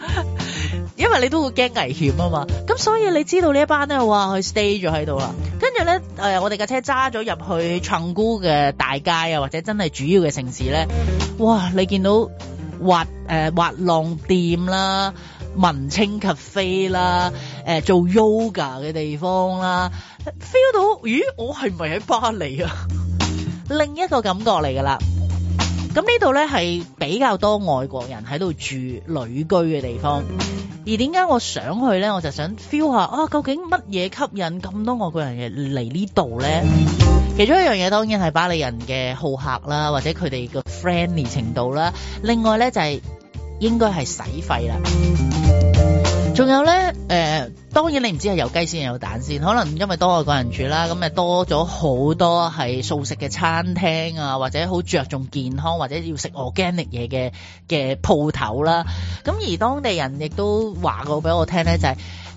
Speaker 3: 因為你都會驚危險啊嘛。咁所以你知道呢一班咧話去 stay 咗喺度啦。跟住咧，誒我哋架車揸咗入去 Canggu 嘅大街啊，或者真係主要嘅城市咧，哇！你見到滑誒、呃、滑浪店啦～文青咖啡啦，誒做 yoga 嘅地方啦，feel 到咦我係唔係喺巴黎啊？ 另一個感覺嚟㗎啦。咁呢度咧係比較多外國人喺度住旅居嘅地方。而點解我想去咧？我就想 feel 下啊，究竟乜嘢吸引咁多外國人嚟呢度咧？其中一樣嘢當然係巴黎人嘅好客啦，或者佢哋嘅 friendly 程度啦。另外咧就係、是。應該係使費啦，仲有咧誒、呃，當然你唔知係有雞先有蛋先，可能因為多外國人住啦，咁咪多咗好多係素食嘅餐廳啊，或者好著重健康或者要食 organic 嘢嘅嘅鋪頭啦。咁而當地人亦都話過俾我聽咧，就係。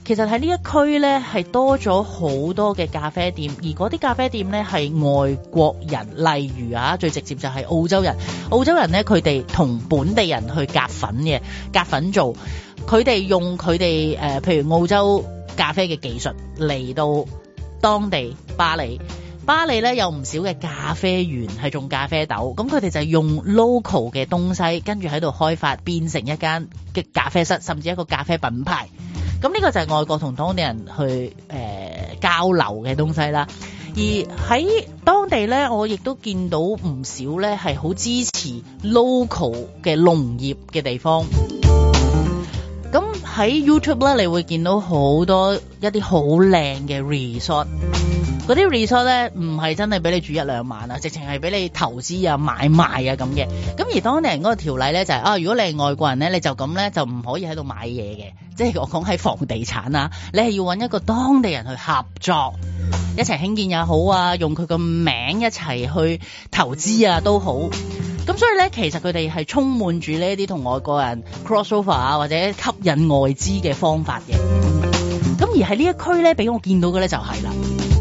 Speaker 3: 其實喺呢一區呢，係多咗好多嘅咖啡店，而嗰啲咖啡店呢，係外國人，例如啊，最直接就係澳洲人。澳洲人呢，佢哋同本地人去夾粉嘅，夾粉做。佢哋用佢哋、呃、譬如澳洲咖啡嘅技術嚟到當地巴黎。巴黎呢，有唔少嘅咖啡園係種咖啡豆，咁佢哋就用 local 嘅東西，跟住喺度開發變成一間嘅咖啡室，甚至一個咖啡品牌。咁呢個就係外國同當地人去誒、呃、交流嘅東西啦。而喺當地呢，我亦都見到唔少呢係好支持 local 嘅農業嘅地方。咁喺 YouTube 呢，你會見到好多一啲好靚嘅 resort。嗰啲 resort 咧唔係真係俾你住一兩晚啊，直情係俾你投資啊、買賣啊咁嘅。咁而當地人嗰個條例咧就係、是、啊，如果你係外國人咧，你就咁咧就唔可以喺度買嘢嘅，即係我講喺房地產啊，你係要搵一個當地人去合作，一齊興建也好啊，用佢個名一齊去投資啊都好。咁所以咧，其實佢哋係充滿住呢一啲同外國人 cross over 啊，或者吸引外資嘅方法嘅。咁而喺呢一區咧，俾我見到嘅咧就係啦。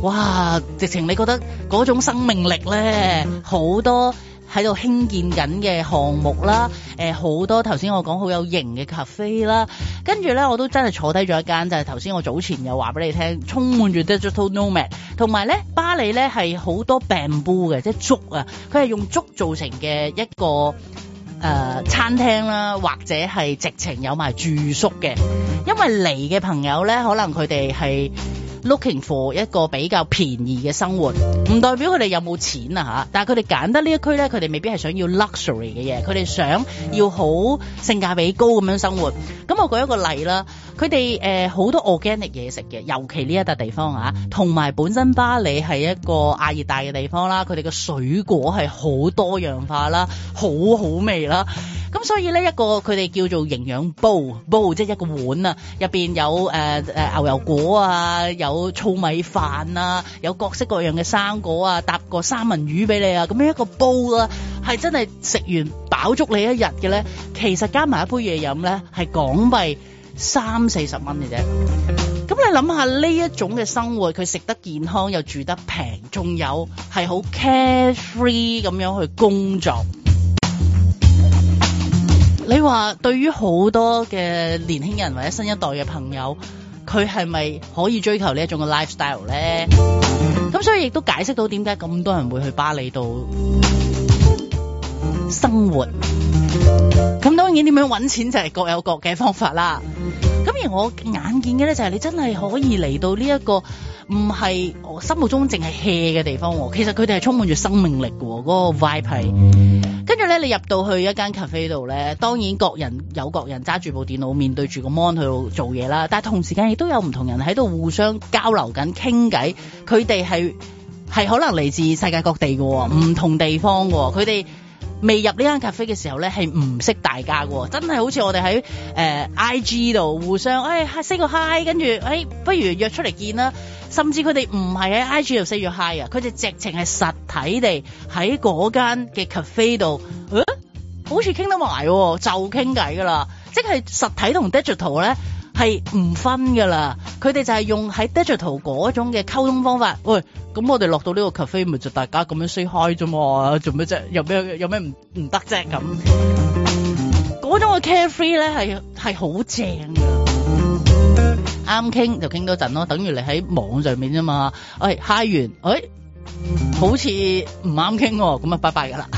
Speaker 3: 哇！直情你覺得嗰種生命力咧，好多喺度興建緊嘅項目啦，誒、呃，好多頭先我講好有型嘅 cafe 啦，跟住咧我都真係坐低咗一間，就係頭先我早前又話俾你聽，充滿住 digital nomad，同埋咧巴黎咧係好多 bamboo 嘅，即係竹啊，佢係用竹造成嘅一個誒、呃、餐廳啦，或者係直情有埋住宿嘅，因為嚟嘅朋友咧，可能佢哋係。looking for 一個比較便宜嘅生活，唔代表佢哋有冇錢啊吓！但係佢哋揀得呢一區咧，佢哋未必係想要 luxury 嘅嘢，佢哋想要好性價比高咁樣生活。咁我舉一個例啦，佢哋誒好多 organic 嘢食嘅，尤其呢一笪地方啊，同埋本身巴黎係一個亞熱帶嘅地方啦，佢哋嘅水果係好多樣化啦，好好味啦。咁所以咧一個佢哋叫做營養煲煲，即係一個碗啊，入邊有、呃呃、牛油果啊，有有糙米飯啊，有各式各樣嘅生果啊，搭個三文魚俾你啊，咁樣一個煲啊，係真係食完飽足你一日嘅呢。其實加埋一杯嘢飲呢，係港幣三四十蚊嘅啫。咁你諗下呢一種嘅生活，佢食得健康又住得平，仲有係好 carefree 咁樣去工作。你話對於好多嘅年輕人或者新一代嘅朋友，佢係咪可以追求呢一種嘅 lifestyle 咧？咁所以亦都解釋到點解咁多人會去巴厘度生活。咁當然點樣揾錢就係各有各嘅方法啦。咁而我眼見嘅咧就係你真係可以嚟到呢一個唔係我心目中淨係 hea 嘅地方。其實佢哋係充滿住生命力喎，嗰個 vibe 係。跟住呢，你入到去一間 cafe 度呢，當然各人有各人揸住部電腦面對住個 mon 去做嘢啦，但係同時間亦都有唔同人喺度互相交流緊傾偈，佢哋係係可能嚟自世界各地嘅喎，唔同地方嘅喎，佢哋。未入呢間 cafe 嘅時候咧，係唔識大家嘅喎，真係好似我哋喺誒 IG 度互相誒 say、哎、個 hi，跟住誒不如約出嚟見啦。甚至佢哋唔係喺 IG 度 say 咗 hi 啊，佢哋直情係實體地喺嗰間嘅 cafe 度，嗯、啊，好似傾得埋喎、哦，就傾偈㗎啦，即係實體同 digital 咧。係唔分噶啦，佢哋就係用喺 digital 嗰種嘅溝通方法。喂，咁我哋落到呢個 cafe 咪就大家咁樣 say hi 啫嘛，做咩啫？有咩有咩唔唔得啫？咁嗰種嘅 carefree 咧係係好正噶，啱傾就傾多陣咯，等於你喺網上面啫嘛。哎，hi 完，哎，好似唔啱傾，咁啊，拜拜噶啦。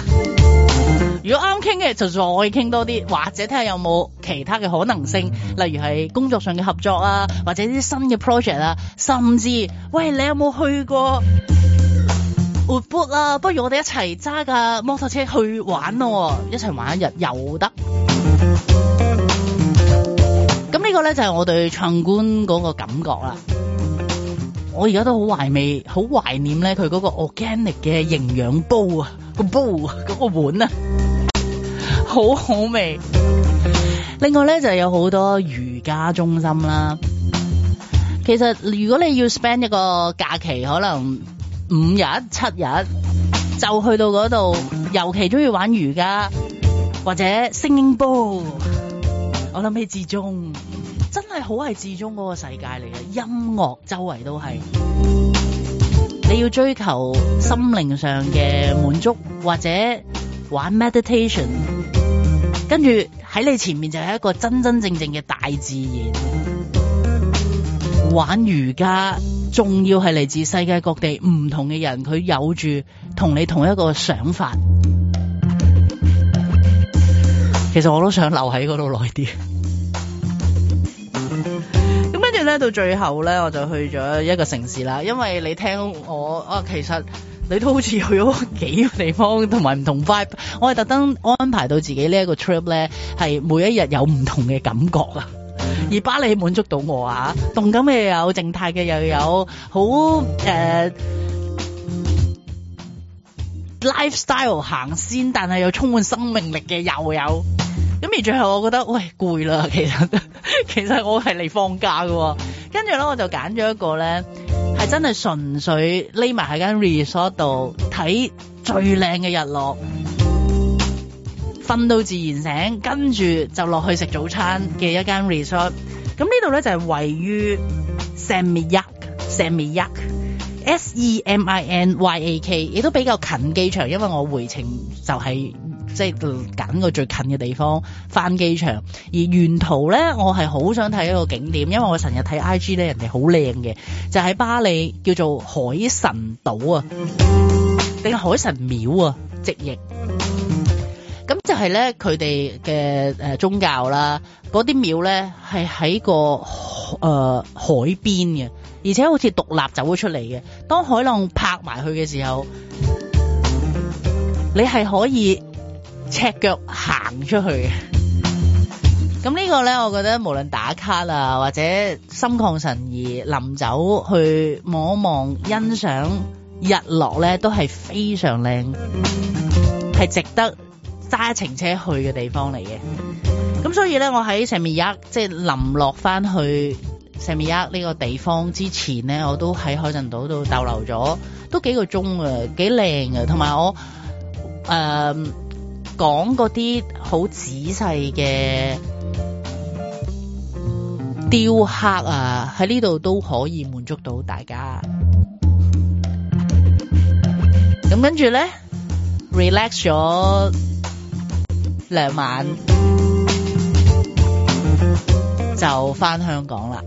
Speaker 3: 如果啱傾嘅就再傾多啲，或者睇下有冇其他嘅可能性，例如係工作上嘅合作啊，或者啲新嘅 project 啊，甚至，喂你有冇去過活潑啊？不如我哋一齊揸架摩托車去玩咯，一齊玩一日又得。咁、嗯、呢個咧就係、是、我對唱官嗰個感覺啦。我而家都好懷味，好懷念咧佢嗰個 organic 嘅營養煲啊，個煲啊，嗰、嗰個碗啊，好好味。另外咧就有好多瑜伽中心啦。其實如果你要 spend 一個假期，可能五日七日就去到嗰度，尤其中意玩瑜伽或者 singing bowl。我諗起至忠。真係好係至中嗰個世界嚟嘅，音樂周圍都係。你要追求心靈上嘅滿足，或者玩 meditation，跟住喺你前面就係一個真真正正嘅大自然。玩瑜伽，仲要係嚟自世界各地唔同嘅人，佢有住同你同一個想法。其實我都想留喺嗰度耐啲。咧到最後咧，我就去咗一個城市啦。因為你聽我啊，其實你都好似去咗幾個地方，同埋唔同 vibe。我係特登安排到自己呢一個 trip 咧，係每一日有唔同嘅感覺啦。而巴黎滿足到我啊，動感嘅又有靜態嘅又有好誒、uh, lifestyle 行先，但係又充滿生命力嘅又有。咁而最後，我覺得喂攰啦，其實其實我係嚟放假喎。跟住咧，我就揀咗一個咧，係真係純粹匿埋喺間 resort 度睇最靚嘅日落，瞓到自然醒，跟住就落去食早餐嘅一間 resort。咁呢度咧就係位於 Seminyak Seminyak S E M I N Y A K，亦都比較近機場，因為我回程就係、是。即係揀個最近嘅地方，返機場。而沿途咧，我係好想睇一個景點，因為我成日睇 I G 咧，人哋好靚嘅，就喺巴厘叫做海神島啊，定海神廟啊，直譯。咁、嗯、就係咧，佢哋嘅宗教啦，嗰啲廟咧係喺個誒、呃、海邊嘅，而且好似獨立走咗出嚟嘅。當海浪拍埋去嘅時候，你係可以。赤腳行出去，咁呢個咧，我覺得無論打卡啊，或者心曠神怡，臨走去望一望，欣賞日落咧，都係非常靚，係值得揸程車去嘅地方嚟嘅。咁所以咧，我喺上面一即係臨落翻去上面一呢個地方之前咧，我都喺海神島度逗留咗都幾個鐘啊，幾靚啊，同埋我誒。呃講嗰啲好仔細嘅雕刻啊，喺呢度都可以滿足到大家。咁跟住咧，Relax 咗兩晚就翻香港啦。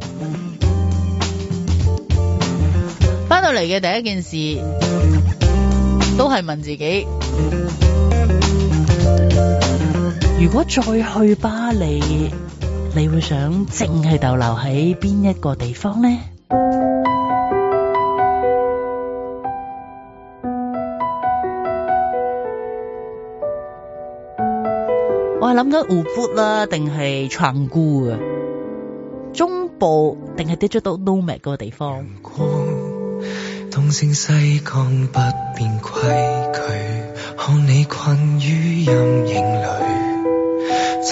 Speaker 3: 翻到嚟嘅第一件事，都係問自己。如果再去巴黎，你會想淨係逗留喺邊一個地方呢？我係諗緊湖畔啦，定係 Canggu 嘅中部，定係跌咗到 Nomad 嗰個地方。東升西降，不變規
Speaker 1: 矩，看你困於陰影裏。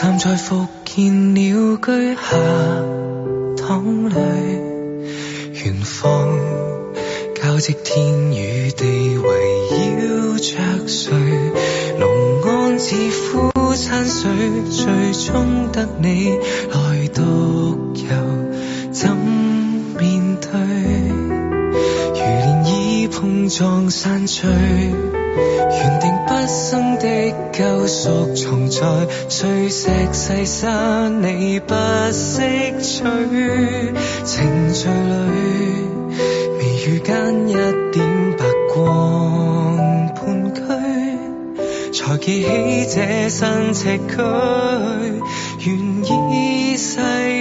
Speaker 1: 站在伏見鳥居下淌淚，遠方交織天與地圍繞着誰？龍安寺枯餐水，最終得你來獨遊。怎面對如漣漪碰撞散聚？原定不生的救贖，藏在碎石細沙，你不識取。程序裏微雨間一點白光盤踞，才記起這身赤軀，願依世。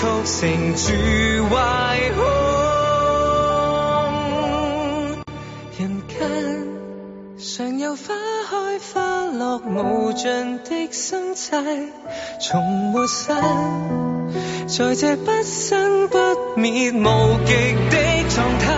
Speaker 1: 促成住壞空，人間常有花開花落無盡的心計，從活身在這不生不滅無極的狀態。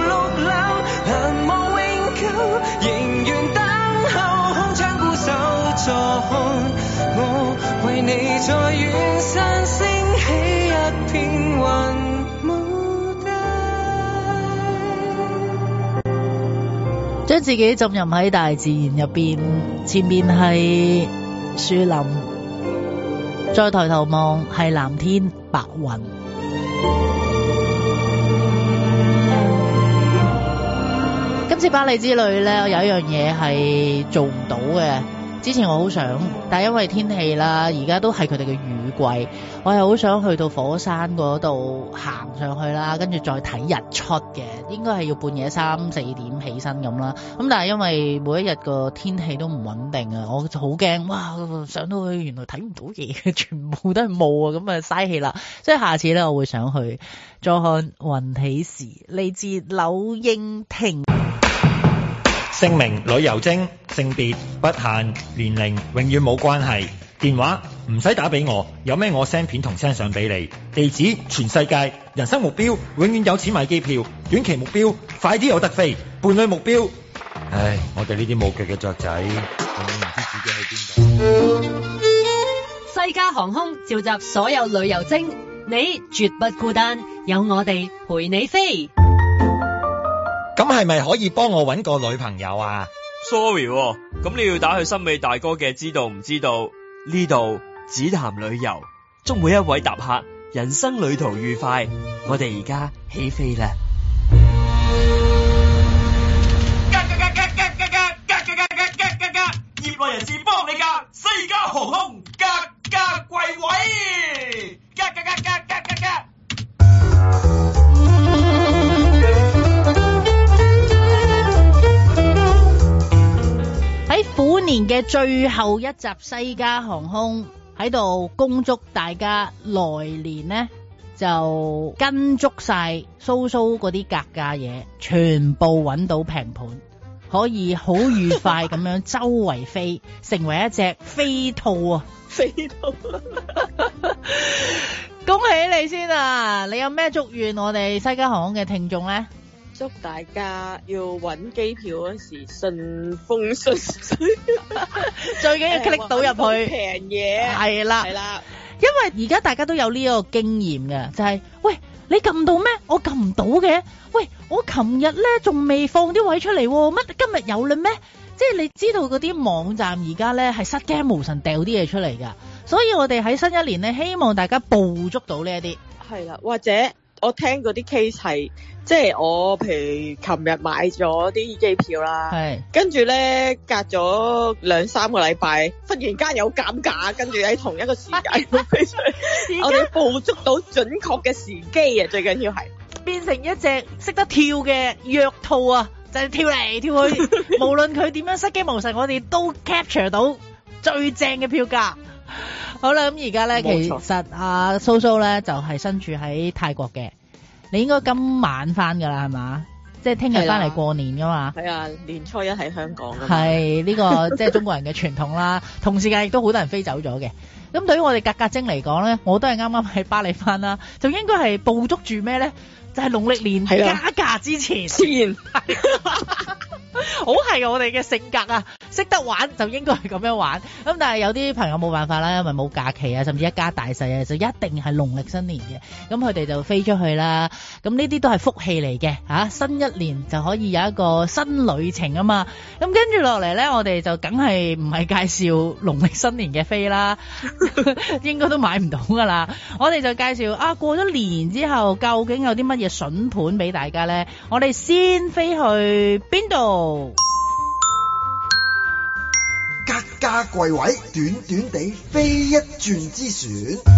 Speaker 3: 你升起一片雲霧將自己浸入喺大自然入邊，前面係樹林，再抬頭望係藍天白雲。今 次巴黎之旅咧，我有一樣嘢係做唔到嘅。之前我好想，但係因為天氣啦，而家都係佢哋嘅雨季，我又好想去到火山嗰度行上去啦，跟住再睇日出嘅，應該係要半夜三四點起身咁啦。咁但係因為每一日個天氣都唔穩定啊，我就好驚，哇！上到去原來睇唔到嘢，全部都係霧啊，咁啊嘥氣啦。所以下次咧，我會想去再看雲起時，嚟自柳英亭。姓名旅遊精，性別不限，年齡永遠冇關係。電話唔使打俾我，有咩我 send 片同 send 相俾你。地址全
Speaker 1: 世界，人生目標永遠有錢買機票，短期目標快啲有得飛，伴侶目標。唉，我哋呢啲冇腳嘅雀仔，我永遠唔知自己喺邊度。
Speaker 3: 西加航空召集所有旅遊精，你絕不孤單，有我哋陪你飛。
Speaker 1: 咁係咪可以幫
Speaker 2: 我搵個女朋友啊？Sorry 喎，咁你要打去森美大哥嘅，知道唔知道？呢度只談旅遊，祝每一位搭客人生旅途愉快。我哋而家起飛啦！
Speaker 1: 業內人士幫你㗎！西加航空格
Speaker 4: 加貴位！
Speaker 3: 今年嘅最後一集，西加航空喺度恭祝大家，來年呢，就跟足晒蘇蘇嗰啲格價嘢，全部揾到平盤，可以好愉快咁樣周圍飛， 成為一隻飛兔啊！飛兔，恭喜你先啊！你有咩祝願我哋西加航空嘅聽眾呢？祝大家
Speaker 2: 要揾機票嗰時順風順水， 最緊要 click 到入去平嘢。係啦，係啦了。
Speaker 3: 了因為而家大家都有呢一個經驗嘅，就係、是、喂你撳到咩？我撳唔到嘅。喂，我琴日咧仲未放啲位出嚟、哦，乜今日有嘞咩？即係你知道嗰啲網站而家咧係失驚無神掉啲嘢出嚟㗎，所以我哋喺新一年咧希望大家捕捉到呢一啲。係
Speaker 2: 啦，或者我聽嗰啲 case 係。即係我，譬如琴日買咗啲機票啦，係是，跟住咧隔咗兩三個禮拜，忽然間有減價，跟住喺同一個時間 在我哋捕捉到準確嘅時
Speaker 3: 機啊！最緊要係變成一隻識得跳嘅弱兔啊，就係、是、跳嚟跳去， 無論佢點樣失驚無神，我哋都 capture 到最正嘅票價。 好啦，咁而家咧，錯其實阿蘇蘇咧就係、是、身處喺泰國嘅。你應該今晚翻噶啦，係嘛？即係聽日翻嚟過年噶嘛？係啊，
Speaker 2: 年初一喺香港。係
Speaker 3: 呢個即係中國人嘅傳統啦。 同時間亦都好多人飛走咗嘅。咁對於我哋格格精嚟講咧，我都係啱啱喺巴黎翻啦，就應該係捕捉住咩咧？就係農曆年加假之前，好係、啊、 我哋嘅性格啊！識得玩就應該係咁樣玩，咁但係有啲朋友冇辦法啦，因為冇假期啊，甚至一家大細啊，就一定係農曆新年嘅，咁佢哋就飛出去啦。咁呢啲都係福氣嚟嘅，吓新一年就可以有一個新旅程啊嘛。咁跟住落嚟咧，我哋就梗係唔係介紹農曆新年嘅飛啦，應該都買唔到噶啦。我哋就介紹啊，過咗年之後究竟有啲乜？嘅筍盤俾大家咧，我哋先飛去邊度？格價櫃位短短地飛一轉之船，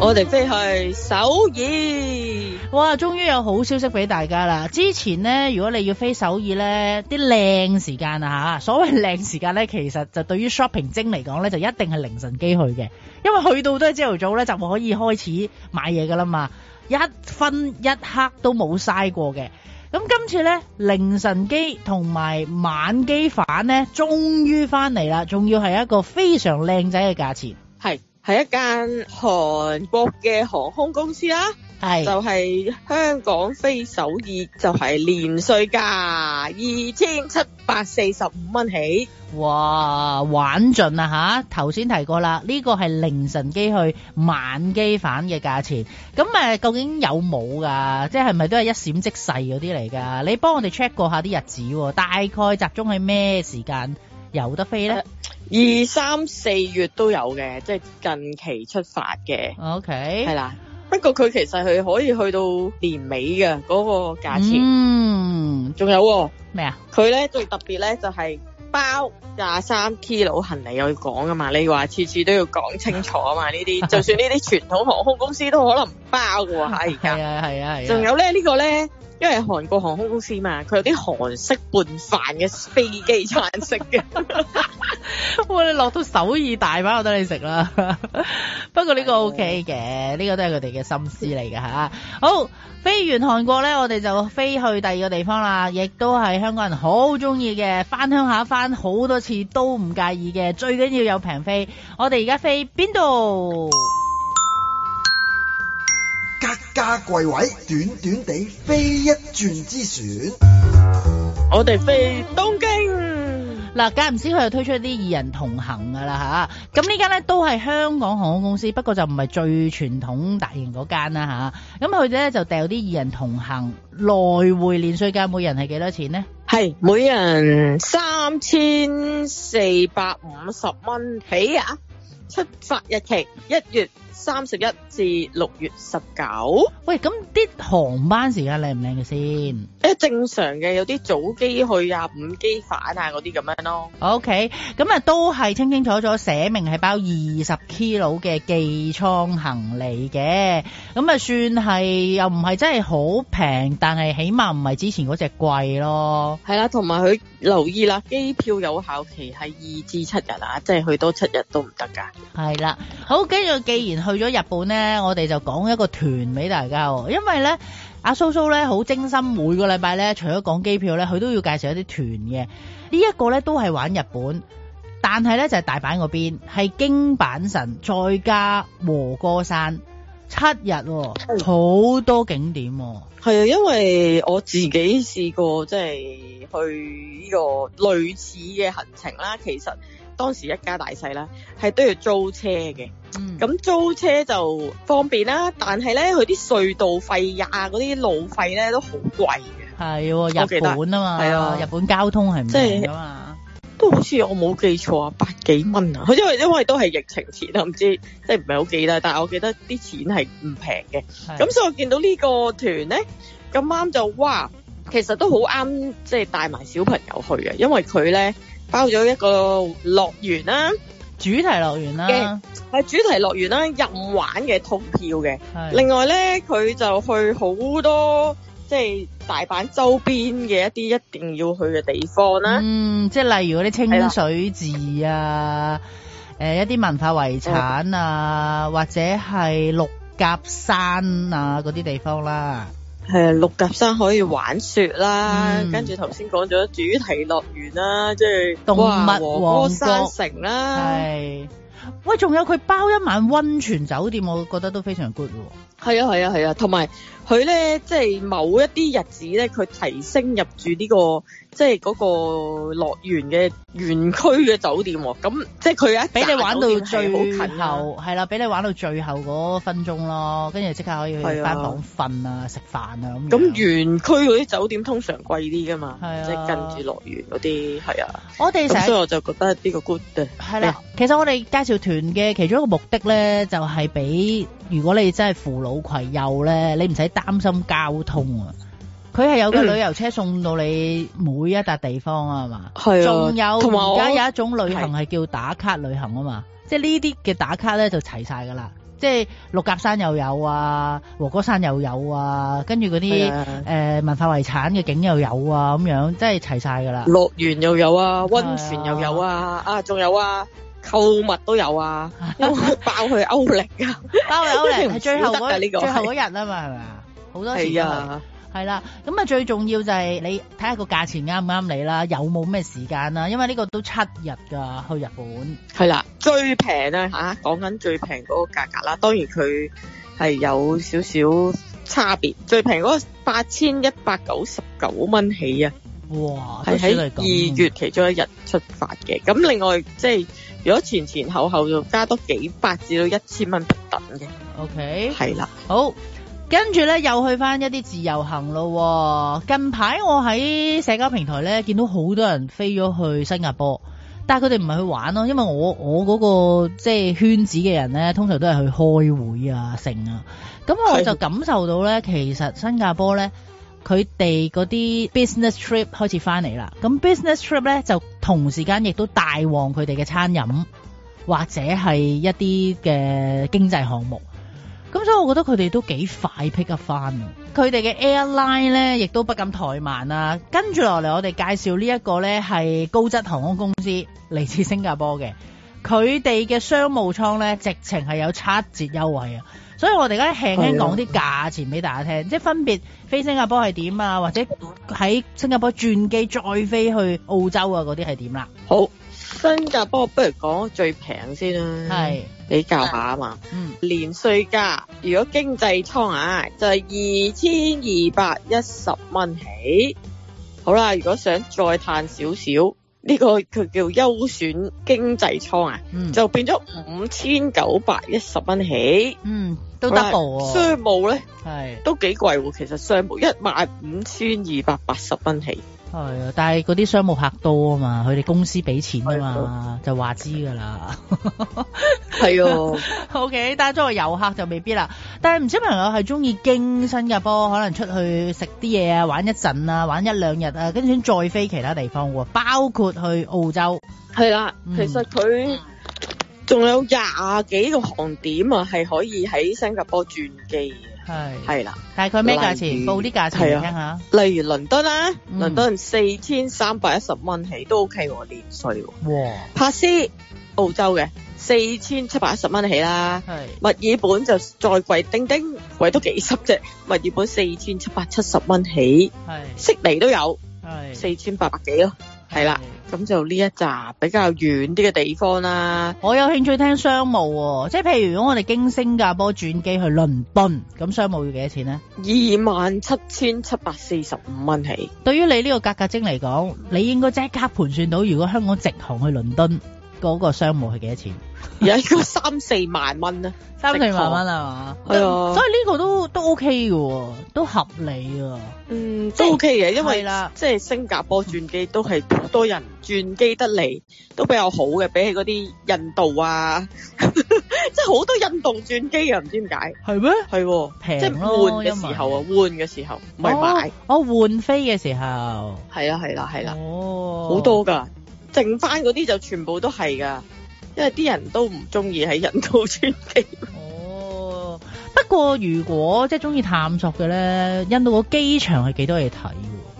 Speaker 3: 我哋飛去首爾。哇，終於有好消息俾大家啦！之前咧，如果你要飛首爾咧，啲靚時間啊吓，所謂靚時間咧，其實就對於 shopping 精嚟講咧，就一定係凌晨機去嘅，因為去到都係朝頭早咧，就可以開始買嘢噶啦嘛。一分一刻都冇嘥過嘅，咁今次呢凌晨機同埋晚機返呢，終於翻嚟啦，仲要係一個非常靚仔嘅價錢，
Speaker 2: 係係一間韓國嘅航空公司啦、啊。是就係香港飛首爾，就係、是、年稅價二千七百四十五蚊起。
Speaker 3: 哇！玩盡啊吓！頭先提過啦，呢、這個係凌晨機去晚機返嘅價錢。咁誒、呃，究竟有冇噶？即係咪都係一閃即逝嗰啲嚟噶？你幫我哋 check 過下啲日子，大概集中喺咩時間有得飛呢？二三
Speaker 2: 四月都有嘅，即係近期出發嘅。
Speaker 3: OK，係啦。不過
Speaker 2: 佢其實係可以去到年尾嘅嗰個價錢，嗯，
Speaker 3: 仲
Speaker 2: 有咩、哦、啊？佢咧麼最特別咧就係、是、包廿三 kilo 行李我要講噶嘛，你話次次都要講清楚啊嘛，呢啲 就算呢啲傳統航空公司都可能唔包噶，係啊係啊係啊，仲、啊啊、有咧呢、呢個咧。因為韓國航空公司嘛，佢有啲韓
Speaker 3: 式拌飯嘅飛機餐食嘅， 哇！你落到首爾大把我得你食啦。 不過呢個 O K 嘅，呢、哎、呀個都係佢哋嘅心思嚟嘅吓。好，飛完韓國咧，我哋就飛去第二個地方啦，亦都係香港人好中意嘅，翻鄉下翻好多次都唔介意嘅，最緊要有平飛。我哋而家飛邊度？各家貴位，短短地飛一轉之選。我哋飛東京。嗱，間唔時佢又推出一啲二人同行噶啦吓，咁呢間咧都係香港航空公司，不過就唔係最傳統大型嗰間啦吓，咁佢哋咧就有啲二人同行來回連稅價，每人係幾多錢呢？係
Speaker 2: 每人
Speaker 3: 三千四百五十蚊
Speaker 2: 起啊！出發日期一月，三十一至六月十
Speaker 3: 九，喂，咁啲航班時間靚唔靚嘅先？誒，
Speaker 2: 正常嘅，有啲早機去，呀，五機返啊，嗰啲咁樣咯。
Speaker 3: OK，咁啊都係清清楚楚寫明係包二十 kilo 嘅寄艙行李嘅，咁、嗯、啊、嗯、算係又唔係真係好平，但係起碼唔係之前嗰隻貴咯。係啦，同埋佢留意啦，機
Speaker 2: 票有效期係二
Speaker 3: 至七日啊，即、就、係、是、去多
Speaker 2: 七日都唔得噶。
Speaker 3: 係啦，好，跟住既然。去咗日本呢，我哋就講一個團俾大家喎。因為呢，阿蘇蘇呢好精心，每個禮拜呢，除咗講機票呢，佢都要介紹一啲團嘅。呢、這、一個呢都係玩日本，但係呢就係、是、大阪嗰邊，係京阪神再加和歌山七日喎，好的多景點喎。係啊，因為我自己
Speaker 2: 試過即係去呢個類似嘅行程啦，其實當時一家大細啦，係都要租車嘅。咁、嗯、租車就方便啦，但係咧佢啲隧道費啊，嗰啲路費咧都好貴嘅。係，日本
Speaker 4: 啊嘛，
Speaker 3: 係啊，的日本交通係唔即係，都好似我冇記錯啊，百幾蚊
Speaker 2: 啊？因為因為都係疫情前啊，唔知即係唔係好記得，但係我記得啲錢係唔平嘅。咁的所以我見到個團呢個團咧咁啱就哇，其實都好啱，即係帶埋小朋友去嘅，因為佢咧包咗一個樂園啦。主題樂園啦、啊，主題樂園啦、啊，任玩嘅通票嘅。的另外咧，佢就去好多即係大阪周邊嘅一啲一定要去嘅地方啦、啊。嗯，
Speaker 3: 即係例如嗰啲清水寺啊，的呃、一啲文化遺產啊，的或者係六甲山啊嗰啲地方啦、啊。係啊，六甲山可以玩雪啦，跟住頭
Speaker 2: 先講咗主題樂園啦，即係動物山城啦，係。
Speaker 3: 喂，仲有佢包一晚溫泉酒店，我覺得都非常 good 喎。係啊，
Speaker 2: 係啊，係啊，同埋佢咧，即係某一啲日子咧，佢提升入住呢個。即係嗰個樂園嘅園區嘅酒店喎，咁即係佢一俾你玩到最好近後，
Speaker 3: 係啦，俾你玩到最後嗰、啊、分鐘咯，跟住即刻可以去返房瞓啊、食的飯啊咁。咁那樣園區
Speaker 2: 嗰啲酒店通常貴啲噶嘛，的即係跟住樂園嗰啲，係啊。我哋成所以我就覺得
Speaker 3: 呢個 good 嘅的。係啦、欸，其實我哋介紹團嘅其中一個目的咧，就係、是、俾如果你真係扶老攜幼咧，你唔使擔心交通啊。佢係有個旅遊車送到你每一笪地方啊，係嘛？係啊，仲有而家有一種旅行係叫打卡旅行啊嘛，即係呢啲嘅打卡咧就齊晒噶啦，即係六甲山又有啊，和歌山又有啊，跟住嗰啲誒文化遺產嘅景又有啊，咁樣即係齊晒噶啦。
Speaker 2: 樂園又有啊，温泉又有啊，啊仲有啊，購
Speaker 3: 物都有啊，因為包去歐力啊，包去歐力係最後嗰最後日啊嘛，係咪啊？好多啊。係啦，咁啊最重要就係你睇下個價錢啱唔啱你啦，有冇咩時間啦？因為呢個都七日噶去日本。係啦，
Speaker 2: 最平咧吓，講緊最平嗰個價格啦。當然佢係有少少差別，最平嗰個八千一百九十九蚊起
Speaker 3: 啊！哇，係喺
Speaker 2: 二月其中一日出發嘅。咁另外即係如果前前後後就加多幾百至到一千蚊不等嘅。OK，係啦，
Speaker 3: 好。跟住咧，又去翻一啲自由行咯，哦。近排我喺社交平台咧，見到好多人飛咗去新加坡，但係佢哋唔係去玩咯，哦，因為我我嗰、那個即係圈子嘅人咧，通常都係去開會啊、盛啊。咁我就感受到咧，是其實新加坡咧，佢哋嗰啲 business trip 開始翻嚟啦。咁 business trip 咧，就同時間亦都大旺佢哋嘅餐飲或者係一啲嘅經濟項目。咁、嗯、所以我覺得佢哋都幾快 pick up 翻，佢哋嘅 airline 咧，亦都不敢怠慢啦、啊、跟住落嚟，我哋介紹呢一個咧，係高質航空公司嚟自新加坡嘅，佢哋嘅商務艙咧，直情係有七折優惠啊！所以我哋而家輕輕講啲價錢俾大家聽，的即係分別飛新加坡係點啊，或者喺新加坡轉機再飛去澳洲啊嗰啲係點啦。啊、
Speaker 2: 好。新加坡不如講最平先啦，係是比較一下啊嘛。嗯，年稅價如果經濟艙啊，就係二千二百一十蚊起。好啦，如果想再嘆少少，呢、這個佢叫優選經濟艙啊，嗯、就變咗五千九百一十蚊起。
Speaker 4: 嗯，啦都得部商
Speaker 2: 務咧，係是都幾貴。其實商務一萬五千二百八十蚊起。
Speaker 4: 係啊，
Speaker 3: 但係嗰啲商務客多啊嘛，佢哋公司俾錢啊嘛，的就話知㗎啦。
Speaker 4: 係
Speaker 3: 啊，OK，但係作為遊客就未必啦。但係唔少朋友係鍾意經新加坡，可能出去食啲嘢啊，玩一陣啊，玩一兩日啊，跟住先再飛其他地方喎，包括去澳洲。係啦，其實佢
Speaker 2: 仲、嗯、有廿幾個航點啊，係可以喺新加坡轉機嘅。
Speaker 3: 係係啦，大概咩價錢？如報啲價錢
Speaker 2: 嚟的聽下。例如倫敦啦，嗯、倫敦四千三百一十蚊起都 OK 喎，免稅喎。
Speaker 4: 哇！
Speaker 2: 帕斯澳洲嘅四千七百一十蚊起啦。係的。墨爾本就再貴，丁丁貴都幾十啫。墨爾本四千七百七十蚊起。係的。悉尼都有。
Speaker 4: 係。四
Speaker 3: 千八百幾咯。係啦，咁就呢一集比較遠啲嘅地方啦。我有興趣聽商務，啊，即係譬如如果我哋經新加坡轉機去倫敦，咁商務要幾多錢呢？二萬七千七百四十五蚊起。對於你呢個價格精嚟講，你應該即刻盤算到如果香港直航去倫敦。嗰個商務係幾多錢？而家要
Speaker 2: 三四萬蚊啊，三四萬蚊啊嘛，係啊，所以
Speaker 3: 呢個都都 OK 嘅，都合理啊。嗯，都 OK 嘅，因為啦，
Speaker 2: 即係新加坡轉機都係多人轉機得嚟，都比較好嘅，比起嗰啲印度啊，即係好多印度轉機啊，唔知點解。係咩？係，平即係換嘅時候啊，換嘅時候唔係買，
Speaker 3: 我換飛嘅時候。係啦，係啦，係啦，好多㗎。
Speaker 2: 剩翻嗰啲就全部都係噶，因為啲人都唔中意喺印度轉機。 哦，
Speaker 3: 不過如果即係中意探索嘅咧，印度個機場係幾多嘢睇喎？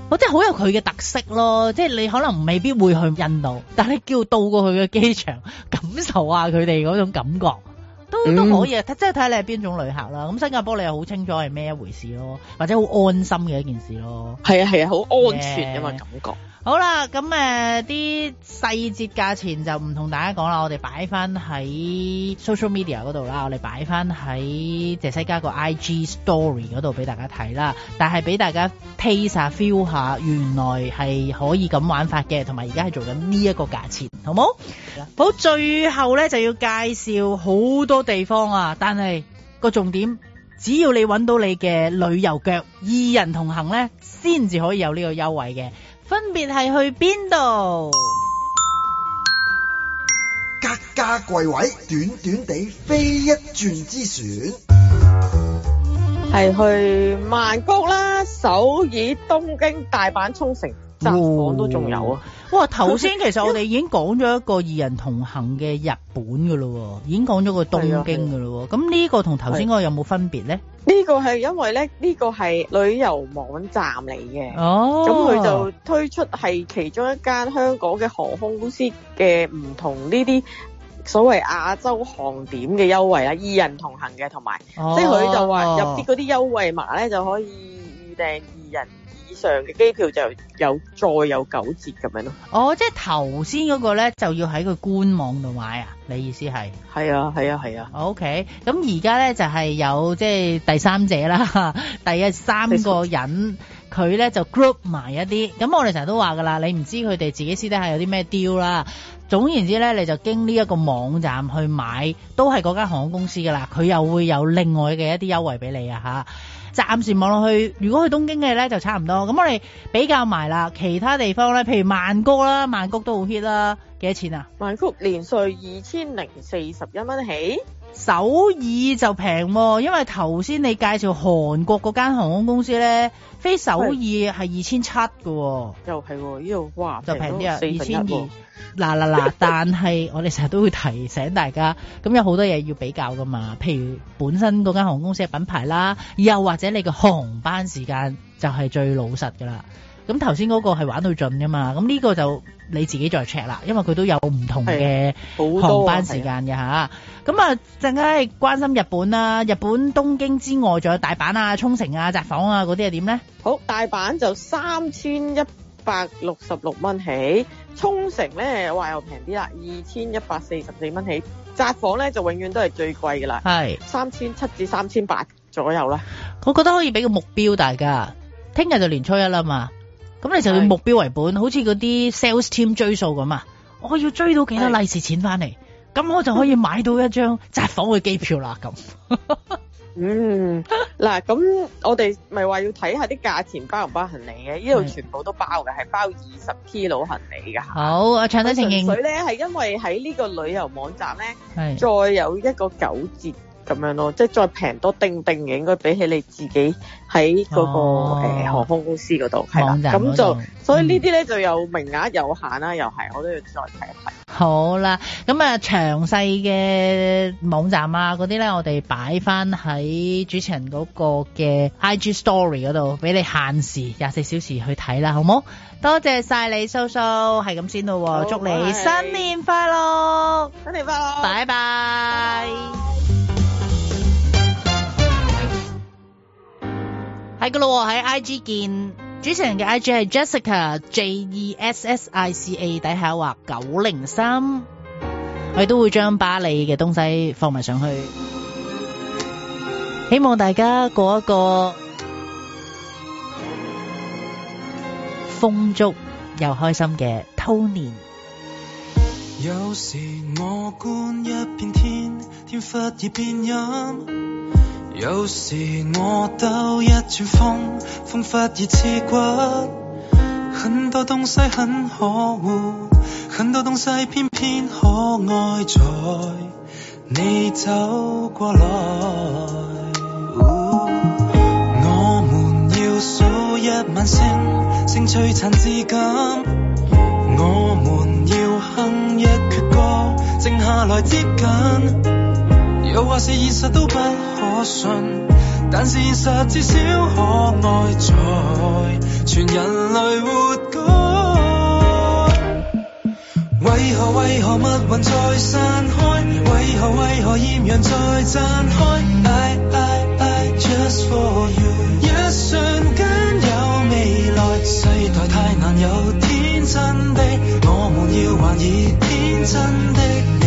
Speaker 3: 我真係好有佢嘅特色咯，即係你可能未必會去印度，但係叫到過去嘅機場，感受下佢哋嗰種感覺，都都可以啊。嗯、即係睇下你係邊種旅客啦。咁新加坡你又好清楚係咩一回事咯，或者好安心嘅一件事咯。係啊係啊，好、啊、安全啊嘛感覺。嗯好啦，咁誒，啲細節價錢就唔同大家講啦，我哋擺翻喺 social media 嗰度啦，我哋擺翻喺謝西加個 IG story 嗰度俾大家睇啦。但係俾大家 taste 下 feel 下， feel 下原來係可以咁玩法嘅，同埋而家係做緊呢一個價錢，好冇？ 好，最後呢就要介紹好多地方啊，但係個重點，只要你揾到你嘅旅遊腳，二人同行呢，先至可以有呢個優惠嘅。分別係去邊度？格價貴位，短短地飛一轉之選，
Speaker 2: 係去曼谷啦、首爾、東京、大阪、沖繩。
Speaker 3: 香港都仲有啊！哇，頭先其實我哋已經講咗一個二人同行嘅日本噶咯，已經講咗個東京噶咯。咁呢個同頭先嗰個有冇分別咧？呢個係
Speaker 2: 因為咧，呢個係旅遊網站嚟嘅。哦，咁佢就推出係其中一間香港嘅航空公司嘅唔同呢啲所謂亞洲航點嘅優惠啊，二人同行嘅，同埋即係佢就話入啲嗰啲優惠
Speaker 3: 碼咧就可以預訂二人
Speaker 2: 上嘅機票就有再有九折咁樣
Speaker 3: 咯。哦，即係頭先嗰個呢，就要喺佢官網度買啊？你意思係？
Speaker 2: 係啊，係啊，係啊。
Speaker 3: OK，咁而家呢，就係、是、有即係第三者啦，第三個人佢呢就 group 埋一啲。咁我哋成日都話噶啦，你唔知佢哋自己私底下有啲咩 deal 啦。總言之呢，你就經呢一個網站去買，都係嗰間航空公司噶啦，佢又會有另外嘅一啲優惠俾你啊！嚇。暫時望落去，如果去東京嘅呢就差唔多。咁我哋比較埋啦，其他地方呢，譬如曼谷啦、曼谷都好 hit 啦，幾多錢啊？曼谷年稅二千零
Speaker 2: 四十一蚊起，
Speaker 3: 首爾就平，啊，因為頭先你介紹韓國嗰間航空公司呢。飛首爾係二千七喎，又係喎呢
Speaker 2: 度，哇，就平啲啊，四千二，
Speaker 3: 嗱嗱嗱，但係我哋成日都會提醒大家，咁有好多嘢要比較噶嘛，譬如本身嗰間航空公司嘅品牌啦，又或者你嘅航班時間就係最老實噶啦。咁頭先嗰個係玩到盡㗎嘛。咁呢個就你自己再 check 啦，因為佢都有唔同嘅航班時間嘅吓。咁啊，陣間係關心日本啦、啊，日本東京之外，仲有大阪啊、沖繩啊、札幌啊嗰啲係點呢？好，大阪就三千一百六
Speaker 2: 十六蚊起，沖繩呢，哇又平啲啦，二千一百四十四蚊起，札幌呢就永遠都係最貴㗎啦，係三千七至三千八左右啦。
Speaker 3: 我覺得可以俾個目標大家，聽日就年初一啦嘛。咁你就要目標為本，是好似嗰啲 sales team 追數咁啊！我要追到幾多利是錢翻嚟，咁我就可以買到一張札幌嘅機票啦。咁，嗯，嗱，
Speaker 2: 咁我哋咪話要睇下啲價錢包唔包行李嘅？呢度是全部都包嘅，係包二十 k 佬行李㗎。
Speaker 3: 好，我詳細承認。純
Speaker 2: 粹咧係因為喺呢個旅遊網站咧，是再有一個九折。咁樣咯，即係再平多定定嘅，應該比起你自己喺嗰、那個、哦呃、航空公司嗰度係啦，咁網站 的就、嗯、
Speaker 3: 所以呢啲咧就
Speaker 2: 有名額有限啦，又係我
Speaker 3: 都要再睇一睇。好啦，咁啊，詳細嘅網站啊嗰啲咧，我哋擺翻喺主持人嗰個嘅 IG Story 嗰度，俾你限時廿四小時去睇啦，好冇？多謝晒你，蘇蘇好，係咁先咯，祝你新年快樂，拜
Speaker 4: 拜，新年快樂，拜拜。拜拜。
Speaker 3: 係噶咯，喺 I G 見主持人嘅 I G 係 Jessica J E S S I C A 底下話九零三，我哋都會將把你嘅東西放埋上去，希望大家過一個豐足又開心嘅兔年。
Speaker 1: 有時我觀一片天，天忽而變陰。有時我兜一轉風，風忽熱刺骨。很多東西很可惡，很多東西偏偏可愛在，在你走過來。 我們要數一晚星，星璀璨之間。我們要哼一闕歌，靜下來接近。又或是現實都不可信，但是現實至少可愛，在全人類活該。 為何為何物雲在散開？為何為何，為何豔陽在綻開？I I I just for you，一瞬間有未來，世代太難有天真的，我們要還以天真的。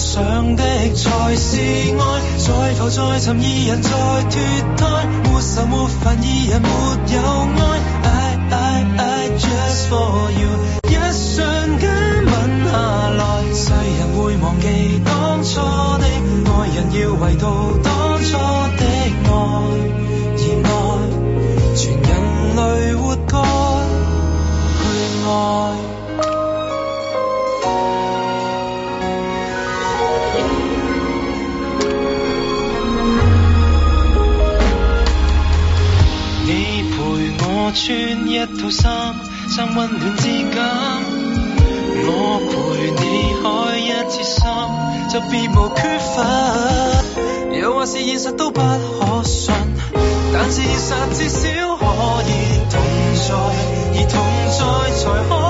Speaker 1: 想的才是愛，再浮再沉，二人再脫胎，沒愁沒煩，二人沒有愛。I I I just for you，一瞬間吻下來，世人會忘記當初的愛人要遺到。穿一套衫，像溫暖之感。我陪你開一次心，就別無缺乏。又或是現實都不可信，但是現實至少可以同在，而同在才可。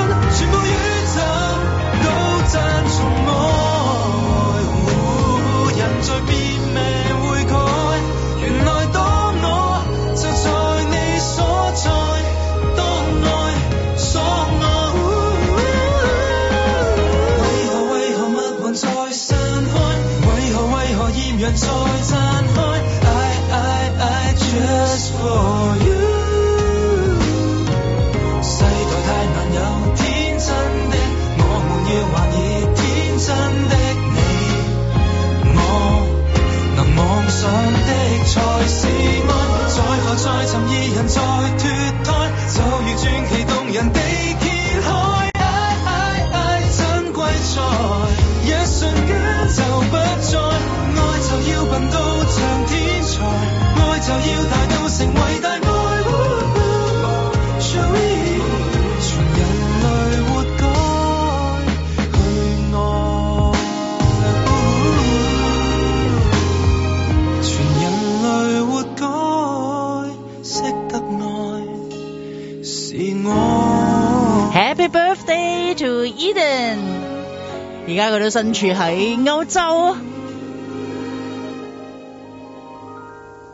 Speaker 3: 而家佢都身處喺歐洲，啊，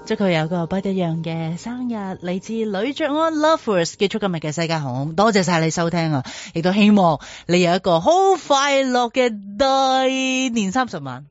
Speaker 3: 祝佢有個不一樣嘅生日。嚟自女爵安 Lovers 嘅出今日嘅世界。好多謝晒你收聽啊！亦都希望你有一個好快樂嘅大年三十晚。